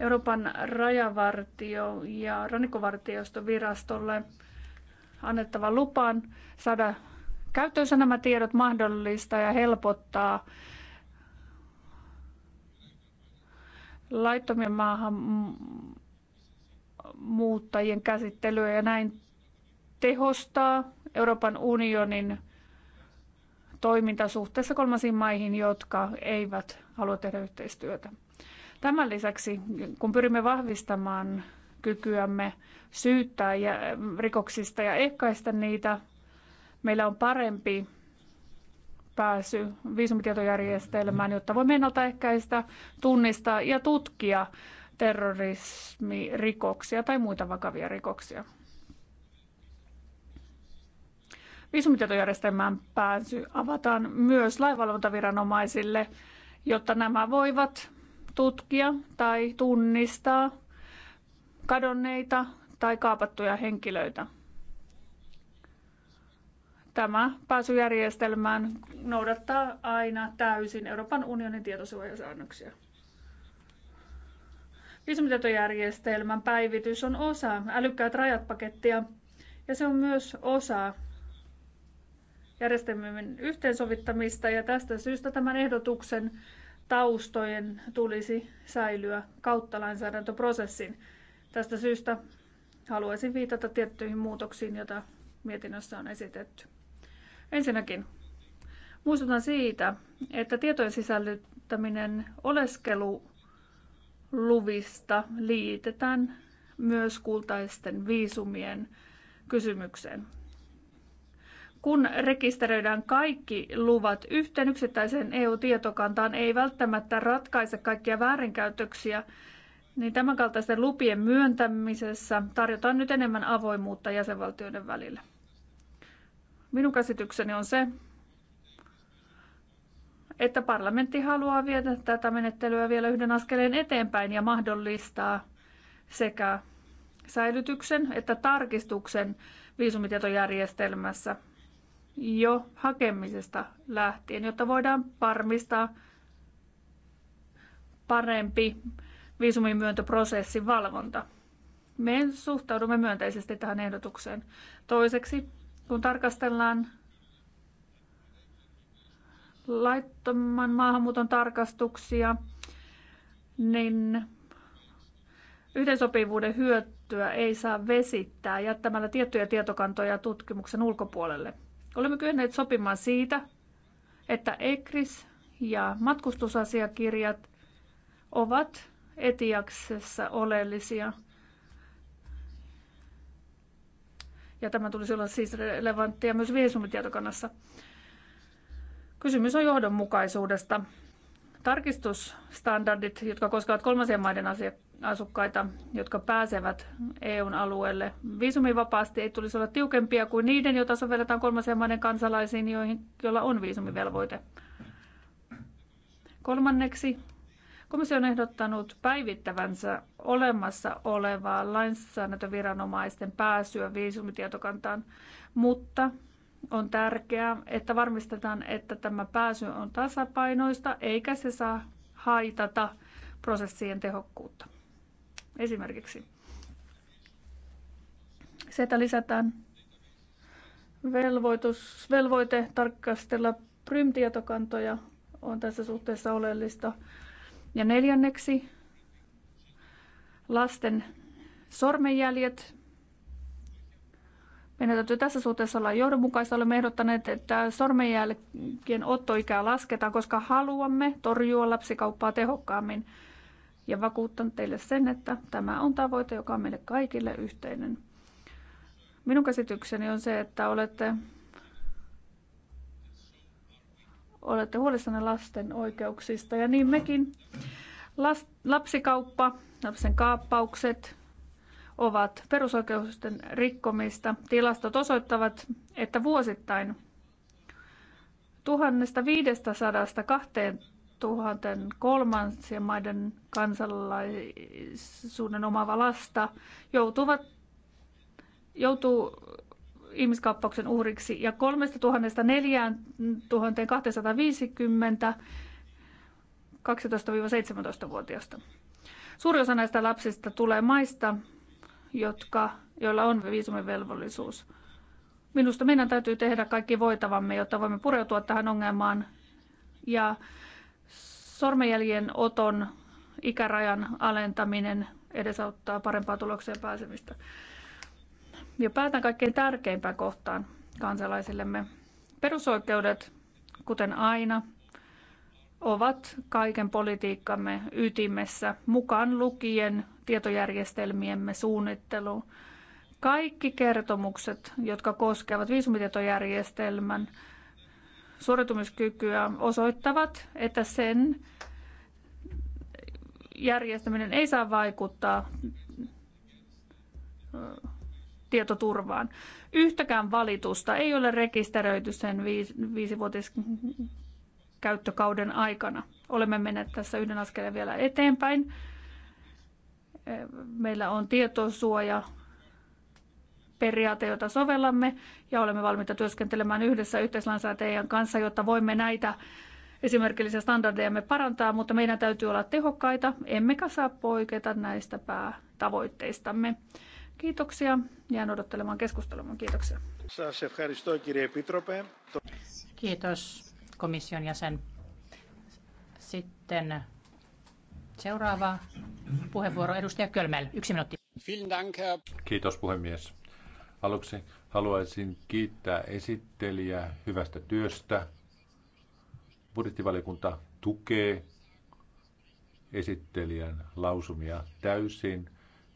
Euroopan rajavartio- ja rannikkovartiostovirastolle annettava lupaan saada käyttöönsä nämä tiedot mahdollista ja helpottaa laittomien maahan muuttajien käsittelyä ja näin tehostaa Euroopan unionin toiminta suhteessa kolmansiin maihin, jotka eivät halua tehdä yhteistyötä. Tämän lisäksi, kun pyrimme vahvistamaan kykyämme syyttää ja rikoksista ja ehkäistä niitä, meillä on parempi pääsy viisumitietojärjestelmään, jotta voimme ennaltaehkäistä, tunnistaa ja tutkia terrorismirikoksia tai muita vakavia rikoksia. Viisumitietojärjestelmään pääsy avataan myös laivalvontaviranomaisille, jotta nämä voivat tutkia tai tunnistaa kadonneita tai kaapattuja henkilöitä. Tämä pääsyjärjestelmään noudattaa aina täysin Euroopan unionin tietosuojasäännöksiä. Viisumitietojärjestelmän päivitys on osa älykkäät rajat-pakettia ja se on myös osa järjestelmien yhteensovittamista ja tästä syystä tämän ehdotuksen taustojen tulisi säilyä kautta lainsäädäntöprosessin. Tästä syystä haluaisin viitata tiettyihin muutoksiin, joita mietinnössä on esitetty. Ensinnäkin muistutan siitä, että tietojen sisällyttäminen oleskelu luvista liitetään myös kultaisten viisumien kysymykseen. Kun rekisteröidään kaikki luvat yhteen yksittäiseen EU-tietokantaan, ei välttämättä ratkaise kaikkia väärinkäytöksiä, niin tämänkaltaisten lupien myöntämisessä tarjotaan nyt enemmän avoimuutta jäsenvaltioiden välillä. Minun käsitykseni on se, että parlamentti haluaa viedä tätä menettelyä vielä yhden askeleen eteenpäin ja mahdollistaa sekä säilytyksen että tarkistuksen viisumitietojärjestelmässä jo hakemisesta lähtien, jotta voidaan varmistaa parempi viisumin myöntöprosessin valvonta. Me suhtaudumme myönteisesti tähän ehdotukseen. Toiseksi, kun tarkastellaan laittoman maahanmuuton tarkastuksia, niin yhteensopivuuden hyötyä ei saa vesittää jättämällä tiettyjä tietokantoja tutkimuksen ulkopuolelle. Olemme kyenneet sopimaan siitä, että ECRIS ja matkustusasiakirjat ovat etiaksessa oleellisia. Ja tämä tulisi olla siis relevanttia myös viisumitietokannassa. Kysymys on johdonmukaisuudesta. Tarkistusstandardit, jotka koskevat kolmansien maiden asukkaita, jotka pääsevät EUn alueelle viisumivapaasti, ei tulisi olla tiukempia kuin niiden, joita sovelletaan kolmansien maiden kansalaisiin, joihin, joilla on viisumivelvoite. Kolmanneksi, komissio on ehdottanut päivittävänsä olemassa olevaa lainsäädäntöviranomaisten pääsyä viisumitietokantaan, mutta on tärkeää, että varmistetaan, että tämä pääsy on tasapainoista eikä se saa haitata prosessien tehokkuutta. Esimerkiksi se, että lisätään velvoitus, velvoite tarkastella prym-tietokantoja on tässä suhteessa oleellista. Ja neljänneksi lasten sormenjäljet meidän täytyy tässä suhteessa olla johdonmukaisia. Olemme ehdottaneet, että sormenjälkien ottoikää lasketaan, koska haluamme torjua lapsikauppaa tehokkaammin. Ja vakuuttan teille sen, että tämä on tavoite, joka on meille kaikille yhteinen. Minun käsitykseni on se, että olette, olette huolissanne lasten oikeuksista ja niin mekin. lapsikauppa, lapsen kaappaukset, ovat perusoikeusten rikkomista. Tilastot osoittavat, että vuosittain 1500-2000 kolmansien maiden kansalaisuuden omaava lasta joutuvat, joutuu ihmiskaappauksen uhriksi ja 3000-4250 12-17-vuotiaista. Suuri osa näistä lapsista tulee maista, jotka, joilla on viisumivelvollisuus. Minusta meidän täytyy tehdä kaikki voitavamme, jotta voimme pureutua tähän ongelmaan. Ja sormenjäljen oton ikärajan alentaminen edesauttaa parempaa tulokseen pääsemistä. Ja päätän kaikkein tärkeimpään kohtaan kansalaisillemme. Perusoikeudet, kuten aina, ovat kaiken politiikkamme ytimessä, mukaan lukien tietojärjestelmiemme suunnittelu. Kaikki kertomukset, jotka koskevat viisumitietojärjestelmän suoritumiskykyä, osoittavat, että sen järjestäminen ei saa vaikuttaa tietoturvaan. Yhtäkään valitusta ei ole rekisteröity sen viisivuotis käyttökauden aikana. Olemme menneet tässä yhden askeleen vielä eteenpäin meillä on tietosuoja periaate, jota sovellamme, ja olemme valmiita työskentelemään yhdessä yhteislainsäätäjän kanssa, jotta voimme näitä esimerkillisiä standardejamme parantaa, mutta meidän täytyy olla tehokkaita, emmekä saa poiketa näistä päätavoitteistamme. Kiitoksia. Jään odottelemaan keskustelua. Kiitoksia. Kiitos komission jäsen. Sitten Seuraava puheenvuoro edustaja Kölmel. Yksi minuutti. Kiitos puhemies. Aluksi haluaisin kiittää esittelijää hyvästä työstä. Budjettivaliokunta tukee esittelijän lausumia täysin.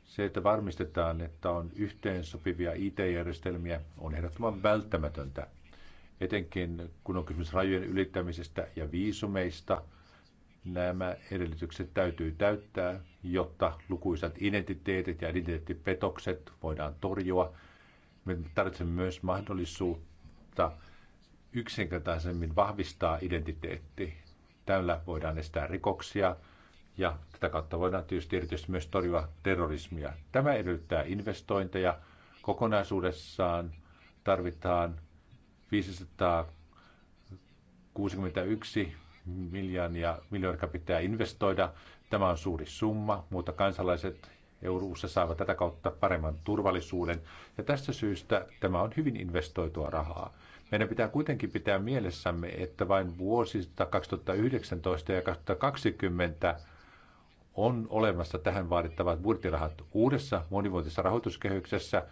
Se, että varmistetaan, että on yhteensopivia IT-järjestelmiä, on ehdottoman välttämätöntä, etenkin kun on kysymys rajojen ylittämisestä ja viisumeista – nämä edellytykset täytyy täyttää, jotta lukuisat identiteetit ja identiteettipetokset voidaan torjua. Me tarvitsemme myös mahdollisuutta yksinkertaisemmin vahvistaa identiteetti. Tällä voidaan estää rikoksia ja tätä kautta voidaan tietysti erityisesti myös torjua terrorismia. Tämä edellyttää investointeja. Kokonaisuudessaan tarvitaan 561 miljoonia, miljoonia pitää investoida. Tämä on suuri summa, mutta kansalaiset Euroopassa saavat tätä kautta paremman turvallisuuden. Ja tästä syystä tämä on hyvin investoitua rahaa. Meidän pitää kuitenkin pitää mielessämme, että vain vuosista 2019 ja 2020 on olemassa tähän vaadittavat budjettirahat uudessa monivuotisessa rahoituskehyksessä.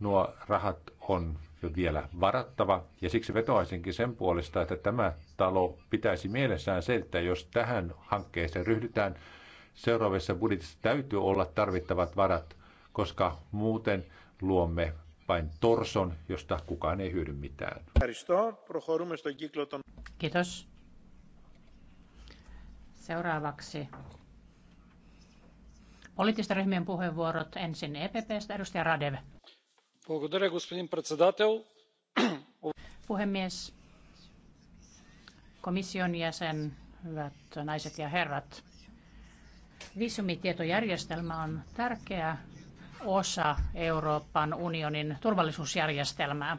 Nuo rahat on vielä varattava, ja siksi vetoaisinkin sen puolesta, että tämä talo pitäisi mielessään se, että jos tähän hankkeeseen ryhdytään, seuraavissa budjetissa täytyy olla tarvittavat varat, koska muuten luomme vain torson, josta kukaan ei hyödy mitään. Kiitos. Seuraavaksi poliittisten ryhmien puheenvuorot ensin EPPstä, edustaja Radev puhemies komission jäsen hyvät naiset ja herrat viisumitietojärjestelmä on tärkeä osa Euroopan unionin turvallisuusjärjestelmää.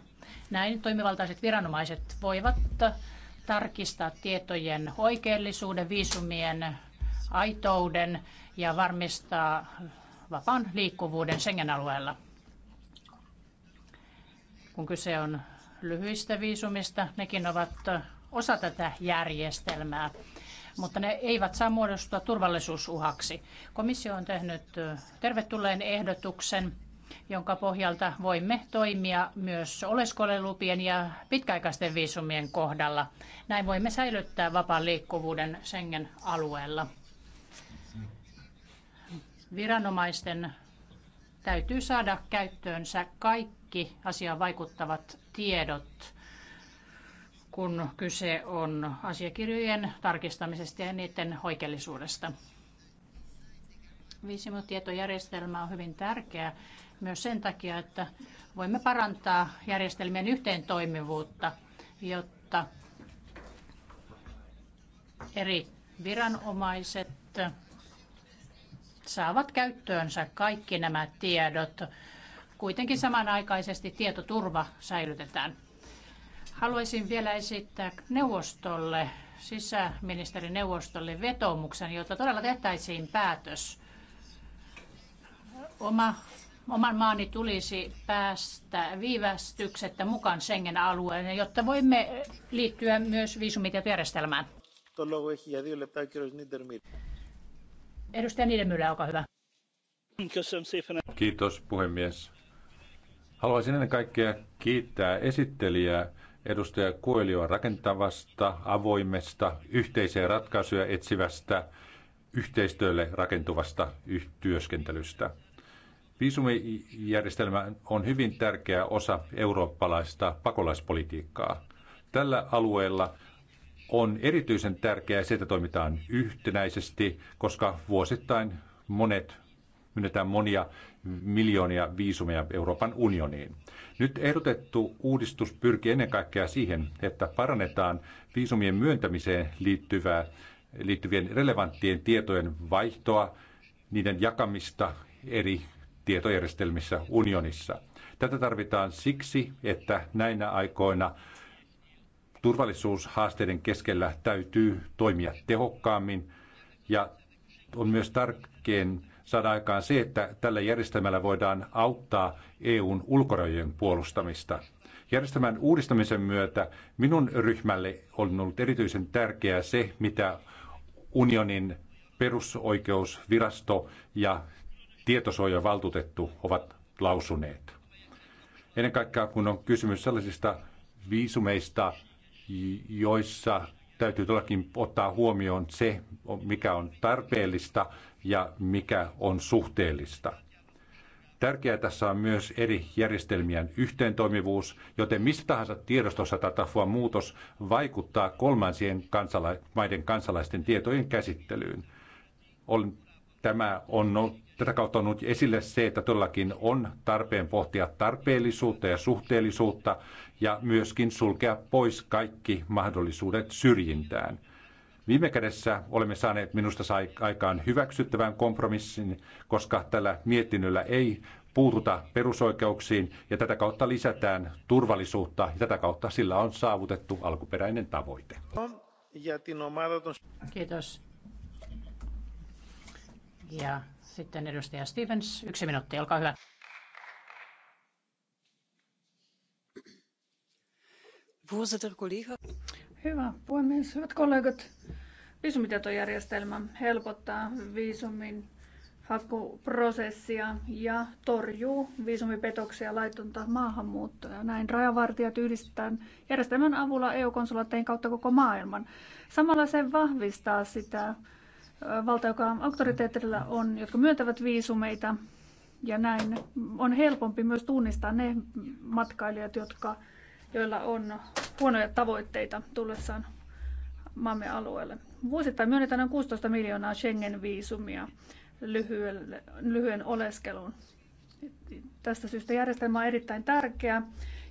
Näin toimivaltaiset viranomaiset voivat tarkistaa tietojen oikeellisuuden, viisumien aitouden ja varmistaa vapaan liikkuvuuden Schengen-alueella kun kyse on lyhyistä viisumista, nekin ovat osa tätä järjestelmää, mutta ne eivät saa muodostua turvallisuusuhaksi. Komissio on tehnyt tervetulleen ehdotuksen, jonka pohjalta voimme toimia myös oleskolelupien ja pitkäaikaisten viisumien kohdalla. Näin voimme säilyttää vapaan liikkuvuuden Schengen-alueella. Viranomaisten täytyy saada käyttöönsä kaikki kaikki asiaan vaikuttavat tiedot, kun kyse on asiakirjojen tarkistamisesta ja niiden oikeellisuudesta. Viisimo-tietojärjestelmä on hyvin tärkeä myös sen takia, että voimme parantaa järjestelmien yhteentoimivuutta, jotta eri viranomaiset saavat käyttöönsä kaikki nämä tiedot Kuitenkin samanaikaisesti tietoturva säilytetään. Haluaisin vielä esittää neuvostolle, sisäministerineuvostolle vetoomuksen, jotta todella tehtäisiin päätös. Oma oman maani tulisi päästä viivästyksettä mukaan Schengen-alueen, jotta voimme liittyä myös viisumitietojärjestelmään. Edustaja Niedemylä, olkaa hyvä. Kiitos puhemies. Haluaisin ennen kaikkea kiittää esittelijää edustaja Kuelioa rakentavasta, avoimesta, yhteisiä ratkaisuja etsivästä, yhteistyölle rakentuvasta työskentelystä. Viisumijärjestelmä on hyvin tärkeä osa eurooppalaista pakolaispolitiikkaa. Tällä alueella on erityisen tärkeää se, että toimitaan yhtenäisesti, koska vuosittain monet myönnetään monia miljoonia viisumeja Euroopan unioniin. Nyt ehdotettu uudistus pyrkii ennen kaikkea siihen, että parannetaan viisumien myöntämiseen liittyvää, liittyvien relevanttien tietojen vaihtoa, niiden jakamista eri tietojärjestelmissä unionissa. Tätä tarvitaan siksi, että näinä aikoina turvallisuushaasteiden keskellä täytyy toimia tehokkaammin ja on myös tärkeää saada aikaan se, että tällä järjestelmällä voidaan auttaa EUn ulkorajojen puolustamista. Järjestelmän uudistamisen myötä minun ryhmälle on ollut erityisen tärkeää se, mitä unionin perusoikeusvirasto ja tietosuojavaltuutettu ovat lausuneet. Ennen kaikkea kun on kysymys sellaisista viisumeista, joissa täytyy todellakin ottaa huomioon se, mikä on tarpeellista ja mikä on suhteellista. Tärkeää tässä on myös eri järjestelmien yhteentoimivuus, joten mistä tahansa tiedostossa tapahtuva muutos vaikuttaa kolmansien kansala- maiden kansalaisten tietojen käsittelyyn. On, tämä on no- Tätä kautta on nyt esille se, että todellakin on tarpeen pohtia tarpeellisuutta ja suhteellisuutta ja myöskin sulkea pois kaikki mahdollisuudet syrjintään. Viime kädessä olemme saaneet minusta aikaan hyväksyttävän kompromissin, koska tällä mietinnöllä ei puututa perusoikeuksiin ja tätä kautta lisätään turvallisuutta ja tätä kautta sillä on saavutettu alkuperäinen tavoite. Kiitos. Ja sitten edustaja Stevens, yksi minuutti, olkaa hyvä. Hyvä puhemies, hyvät kollegat. Viisumitietojärjestelmä helpottaa viisumin hakuprosessia ja torjuu viisumipetoksia laitonta maahanmuuttoa. Näin rajavartijat yhdistetään järjestelmän avulla EU-konsulaatteihin kautta koko maailman. Samalla se vahvistaa sitä valta, joka auktoriteetilla on, jotka myöntävät viisumeita. Ja näin on helpompi myös tunnistaa ne matkailijat, jotka, joilla on huonoja tavoitteita tullessaan maamme alueelle. Vuosittain myönnetään noin 16 miljoonaa Schengen-viisumia lyhyen, lyhyen oleskeluun. Tästä syystä järjestelmä on erittäin tärkeä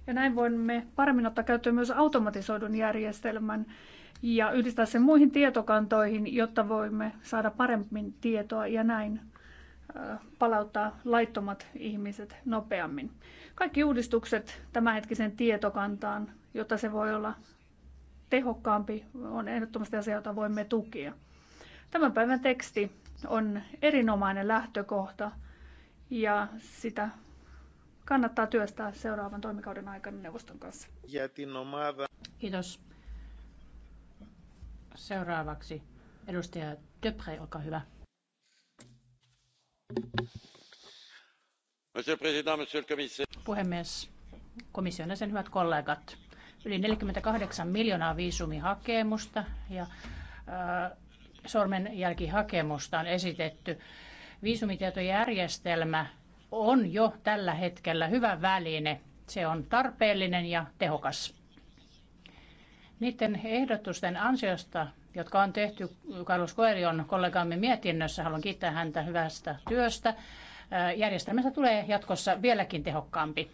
ja näin voimme paremmin ottaa käyttöön myös automatisoidun järjestelmän, ja yhdistää sen muihin tietokantoihin, jotta voimme saada paremmin tietoa ja näin palauttaa laittomat ihmiset nopeammin. Kaikki uudistukset tämänhetkiseen tietokantaan, jotta se voi olla tehokkaampi, on ehdottomasti asia, jota voimme tukea. Tämän päivän teksti on erinomainen lähtökohta ja sitä kannattaa työstää seuraavan toimikauden aikana neuvoston kanssa. Kiitos. Seuraavaksi edustaja Döpre, olkaa hyvä. Monsieur President, Monsieur le Commissaire. Puhemies, komission sen hyvät kollegat. Yli 48 miljoonaa viisumihakemusta ja äh, sormenjälkihakemusta on esitetty. Viisumitietojärjestelmä on jo tällä hetkellä hyvä väline. Se on tarpeellinen ja tehokas. Niiden ehdotusten ansiosta, jotka on tehty Carlos Coelion kollegamme mietinnössä, haluan kiittää häntä hyvästä työstä. Äh, järjestelmästä tulee jatkossa vieläkin tehokkaampi.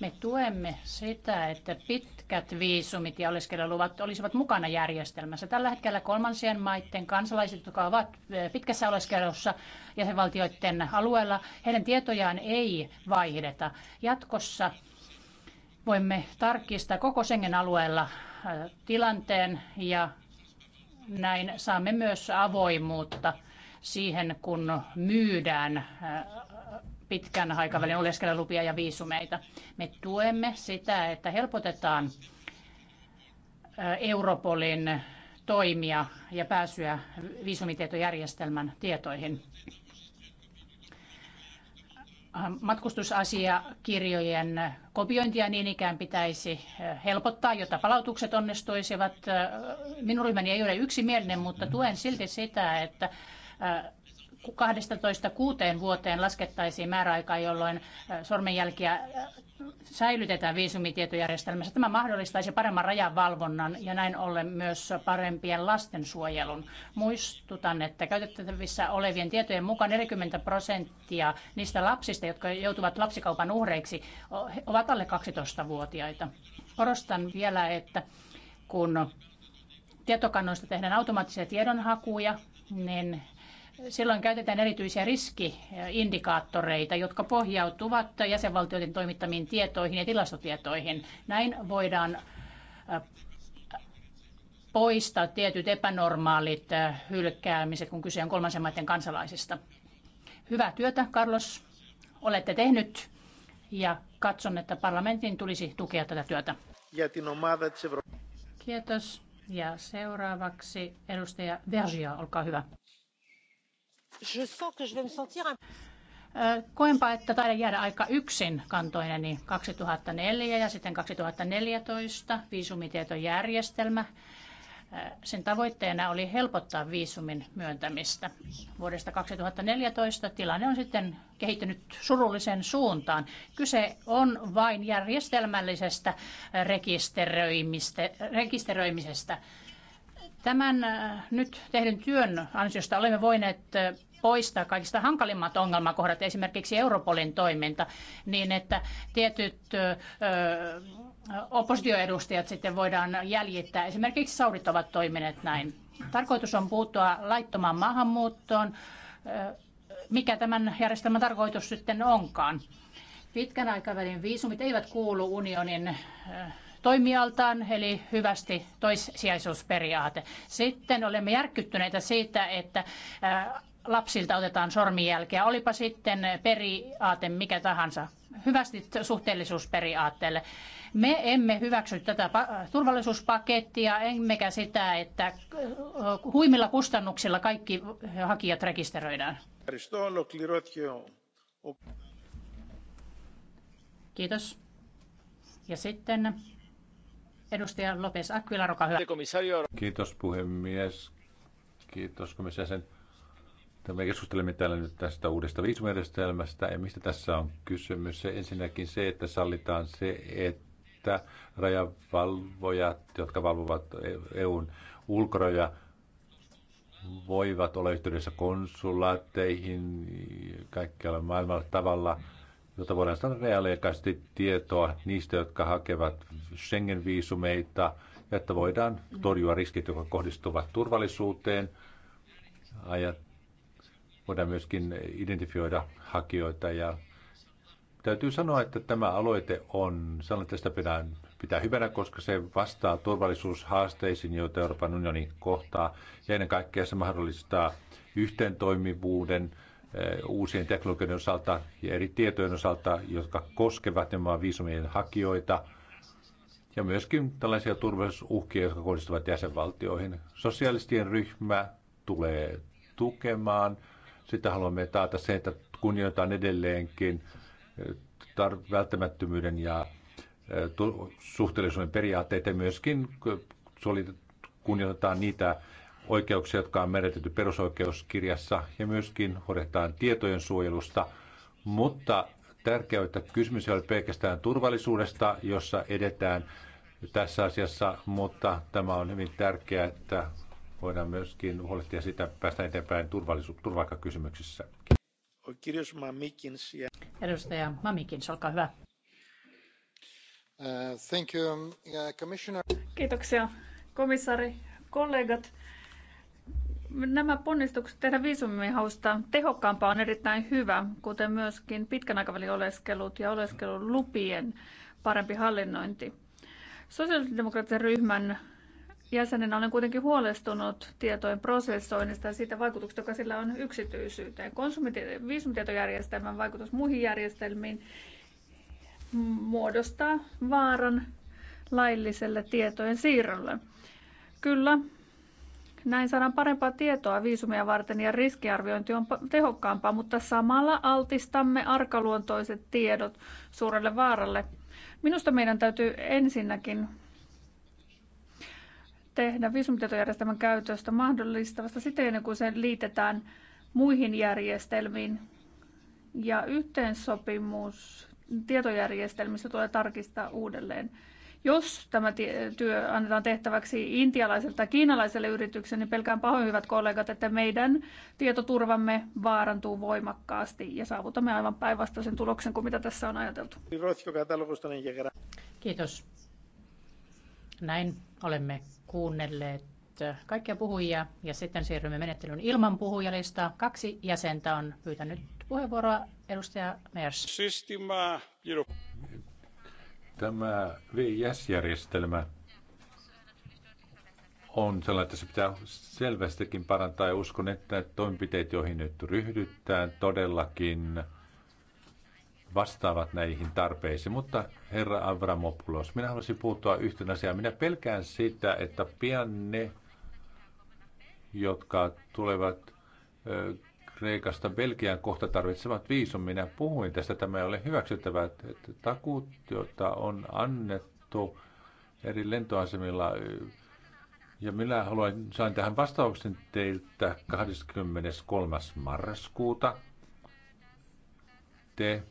Me tuemme sitä, että pitkät viisumit ja oleskeluluvat olisivat mukana järjestelmässä. Tällä hetkellä kolmansien maiden kansalaiset, jotka ovat äh, pitkässä oleskelussa jäsenvaltioiden alueella, heidän tietojaan ei vaihdeta. Jatkossa voimme tarkistaa koko Schengen-alueella äh, tilanteen ja näin saamme myös avoimuutta siihen, kun myydään äh, pitkän aikavälin oleskelulupia ja viisumeita. Me tuemme sitä, että helpotetaan äh, Europolin toimia ja pääsyä viisumitietojärjestelmän tietoihin. Ähm, matkustusasiakirjojen kopiointia niin ikään pitäisi äh, helpottaa, jotta palautukset onnistuisivat. Äh, minun ryhmäni ei ole yksimielinen, mutta mm-hmm. tuen silti sitä, että 12 äh, kuuteen vuoteen laskettaisiin määräaika, jolloin sormenjälkiä säilytetään viisumitietojärjestelmässä. Tämä mahdollistaisi paremman rajavalvonnan ja näin ollen myös parempien lastensuojelun. Muistutan, että käytettävissä olevien tietojen mukaan 40 prosenttia niistä lapsista, jotka joutuvat lapsikaupan uhreiksi, ovat alle 12-vuotiaita. Korostan vielä, että kun tietokannoista tehdään automaattisia tiedonhakuja, niin Silloin käytetään erityisiä riskiindikaattoreita, jotka pohjautuvat jäsenvaltioiden toimittamiin tietoihin ja tilastotietoihin. Näin voidaan poistaa tietyt epänormaalit hylkäämiset, kun kyse on kolmansien maiden kansalaisista. Hyvää työtä, Carlos. Olette tehnyt ja katson, että parlamentin tulisi tukea tätä työtä. Kiitos. Ja seuraavaksi edustaja Vergia, olkaa hyvä. Koenpa, että taidan jäädä aika yksin kantoineni 2004 ja sitten 2014 viisumitietojärjestelmä. Sen tavoitteena oli helpottaa viisumin myöntämistä. Vuodesta 2014 tilanne on sitten kehittynyt surulliseen suuntaan. Kyse on vain järjestelmällisestä rekisteröimisestä. Tämän nyt tehdyn työn ansiosta olemme voineet poistaa kaikista hankalimmat ongelmakohdat, esimerkiksi Europolin toiminta, niin että tietyt ö, oppositioedustajat sitten voidaan jäljittää. Esimerkiksi saudit ovat toimineet näin. Tarkoitus on puuttua laittomaan maahanmuuttoon. Mikä tämän järjestelmän tarkoitus sitten onkaan? Pitkän aikavälin viisumit eivät kuulu unionin toimialtaan, eli hyvästi toissijaisuusperiaate. Sitten olemme järkyttyneitä siitä, että lapsilta otetaan sormijälkeä, olipa sitten periaate mikä tahansa. Hyvästi suhteellisuusperiaatteelle. Me emme hyväksy tätä turvallisuuspakettia, emmekä sitä, että huimilla kustannuksilla kaikki hakijat rekisteröidään. Kiitos. Ja sitten edustaja Lopes Aquilar, hyvä. Kiitos puhemies. Kiitos komission me keskustelemme täällä nyt tästä uudesta viisumijärjestelmästä ja mistä tässä on kysymys. Ensinnäkin se, että sallitaan se, että rajavalvojat, jotka valvovat e-, EUn ulkoraja, voivat olla yhteydessä konsulaatteihin kaikkialla maailmalla tavalla, jotta voidaan saada reaaliaikaisesti tietoa niistä, jotka hakevat Schengen-viisumeita, jotta voidaan torjua riskit, jotka kohdistuvat turvallisuuteen. Ajat voidaan myöskin identifioida hakijoita. Ja täytyy sanoa, että tämä aloite on sellainen, että sitä pitää, pitää hyvänä, koska se vastaa turvallisuushaasteisiin, joita Euroopan unioni kohtaa. Ja ennen kaikkea se mahdollistaa toimivuuden eh, uusien teknologioiden osalta ja eri tietojen osalta, jotka koskevat nimenomaan viisumien hakijoita ja myöskin tällaisia turvallisuusuhkia, jotka kohdistuvat jäsenvaltioihin. Sosialistien ryhmä tulee tukemaan sitä haluamme taata se, että kunnioitetaan edelleenkin eh, tar- välttämättömyyden ja eh, suhteellisuuden periaatteita myöskin eh, kunnioitetaan niitä oikeuksia, jotka on menetetty perusoikeuskirjassa ja myöskin huolehditaan tietojen suojelusta. Mutta tärkeää, että kysymys ei ole pelkästään turvallisuudesta, jossa edetään tässä asiassa, mutta tämä on hyvin tärkeää, että voidaan myöskin huolehtia sitä, päästä eteenpäin turvallisu- turvapaikkakysymyksissä. Kirjus Mamikins. Edustaja Mamikins, olkaa hyvä. Uh, thank you, um, uh, commissioner. Kiitoksia, komissaari, kollegat. Nämä ponnistukset tehdä viisumihausta tehokkaampaa on erittäin hyvä, kuten myöskin pitkän aikavälin oleskelut ja oleskelulupien parempi hallinnointi. Sosiaalidemokraattisen ryhmän jäsenenä olen kuitenkin huolestunut tietojen prosessoinnista ja siitä vaikutuksesta, joka sillä on yksityisyyteen. Konsumitietojärjestelmän vaikutus muihin järjestelmiin muodostaa vaaran lailliselle tietojen siirrolle. Kyllä, näin saadaan parempaa tietoa viisumia varten ja riskiarviointi on tehokkaampaa, mutta samalla altistamme arkaluontoiset tiedot suurelle vaaralle. Minusta meidän täytyy ensinnäkin tehdä viisumitietojärjestelmän käytöstä mahdollistavasta siten, kun se liitetään muihin järjestelmiin. Ja yhteensopimus tietojärjestelmistä tulee tarkistaa uudelleen. Jos tämä työ annetaan tehtäväksi intialaiselle tai kiinalaiselle yritykselle, niin pelkään pahoin hyvät kollegat, että meidän tietoturvamme vaarantuu voimakkaasti ja saavutamme aivan päinvastaisen tuloksen kuin mitä tässä on ajateltu. Kiitos. Näin olemme kuunnelleet äh, kaikkia puhujia ja sitten siirrymme menettelyyn ilman puhujalistaa. Kaksi jäsentä on pyytänyt puheenvuoroa. Edustaja Mers. Tämä VIS-järjestelmä on sellainen, että se pitää selvästikin parantaa ja uskon, että toimenpiteet, joihin nyt ryhdytään, todellakin – vastaavat näihin tarpeisiin. Mutta herra Avramopoulos, minä haluaisin puuttua yhtenä asiaan. Minä pelkään sitä, että pian ne, jotka tulevat Kreikasta Belgian kohta tarvitsevat viisun, Minä puhuin tästä, tämä ei ole hyväksyttävää. Että takuut, joita on annettu eri lentoasemilla, ja minä haluan, sain tähän vastauksen teiltä 23. marraskuuta. Te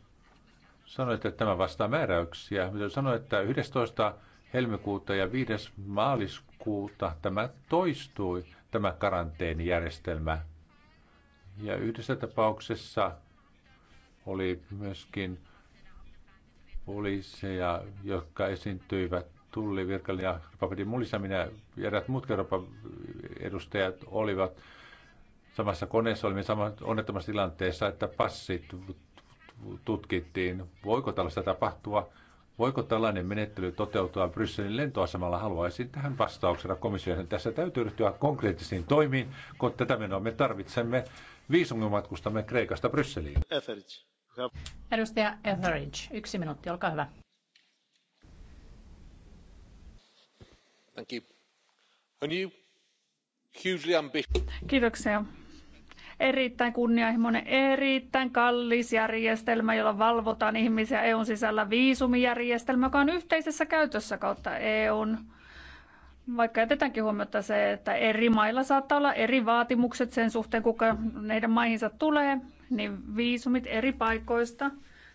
sanoitte, että tämä vastaa määräyksiä. Mutta sanoit, että 11. helmikuuta ja 5. maaliskuuta tämä toistui, tämä karanteenijärjestelmä. Ja yhdessä tapauksessa oli myöskin poliiseja, jotka esiintyivät tullivirkailija Papadi Mulissa, minä ja eräät muut Euroopan edustajat olivat samassa koneessa, olimme samassa onnettomassa tilanteessa, että passit tutkittiin. Voiko tällaista tapahtua? Voiko tällainen menettely toteutua Brysselin lentoasemalla? Haluaisin tähän vastauksena komissioon. Tässä täytyy ryhtyä konkreettisiin toimiin, kun tätä menoa me tarvitsemme viisumimatkustamme Kreikasta Brysseliin. Edustaja Etheridge, yksi minuutti, olkaa hyvä. Thank you. Kiitoksia erittäin kunnianhimoinen, erittäin kallis järjestelmä, jolla valvotaan ihmisiä EUn sisällä viisumijärjestelmä, joka on yhteisessä käytössä kautta EUn. Vaikka jätetäänkin huomiota se, että eri mailla saattaa olla eri vaatimukset sen suhteen, kuka heidän maihinsa tulee, niin viisumit eri paikoista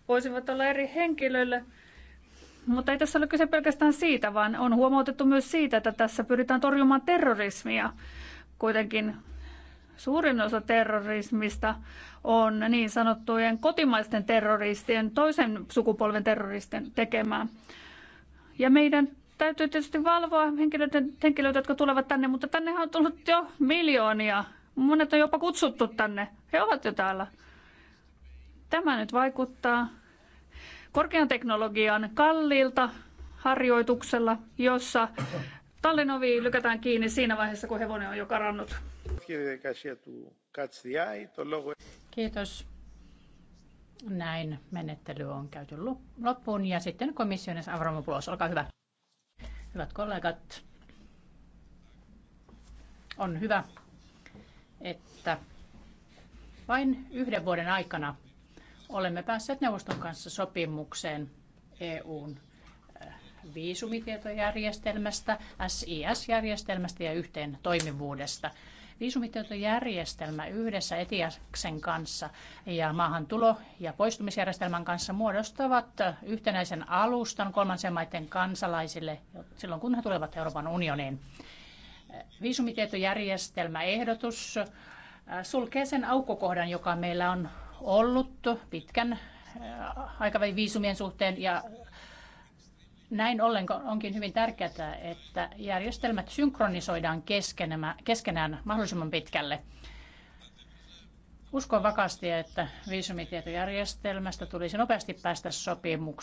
voisivat olla eri henkilöille. Mutta ei tässä ole kyse pelkästään siitä, vaan on huomautettu myös siitä, että tässä pyritään torjumaan terrorismia. Kuitenkin Suurin osa terrorismista on niin sanottujen kotimaisten terroristien, toisen sukupolven terroristien tekemää. Ja meidän täytyy tietysti valvoa henkilöitä, henkilöitä, jotka tulevat tänne, mutta tänne on tullut jo miljoonia. Monet on jopa kutsuttu tänne. He ovat jo täällä. Tämä nyt vaikuttaa korkean teknologian kalliilta harjoituksella, jossa tallinovi lykätään kiinni siinä vaiheessa, kun hevonen on jo karannut. Kiitos. Näin menettely on käyty loppuun ja sitten komissiones Avramopoulos, olkaa hyvä. Hyvät kollegat, on hyvä, että vain yhden vuoden aikana olemme päässeet neuvoston kanssa sopimukseen EUn äh, viisumitietojärjestelmästä, SIS-järjestelmästä ja yhteen toimivuudesta. Viisumitietojärjestelmä yhdessä Etiaksen kanssa ja maahantulo- ja poistumisjärjestelmän kanssa muodostavat yhtenäisen alustan kolmansien maiden kansalaisille silloin, kun he tulevat Euroopan unioniin. Viisumitietojärjestelmä ehdotus äh, sulkee sen aukkokohdan, joka meillä on ollut pitkän äh, aikavälin viisumien suhteen ja näin ollen onkin hyvin tärkeää, että järjestelmät synkronisoidaan keskenään mahdollisimman pitkälle. Uskon vakaasti, että viisumitietojärjestelmästä tulisi nopeasti päästä sopimukseen.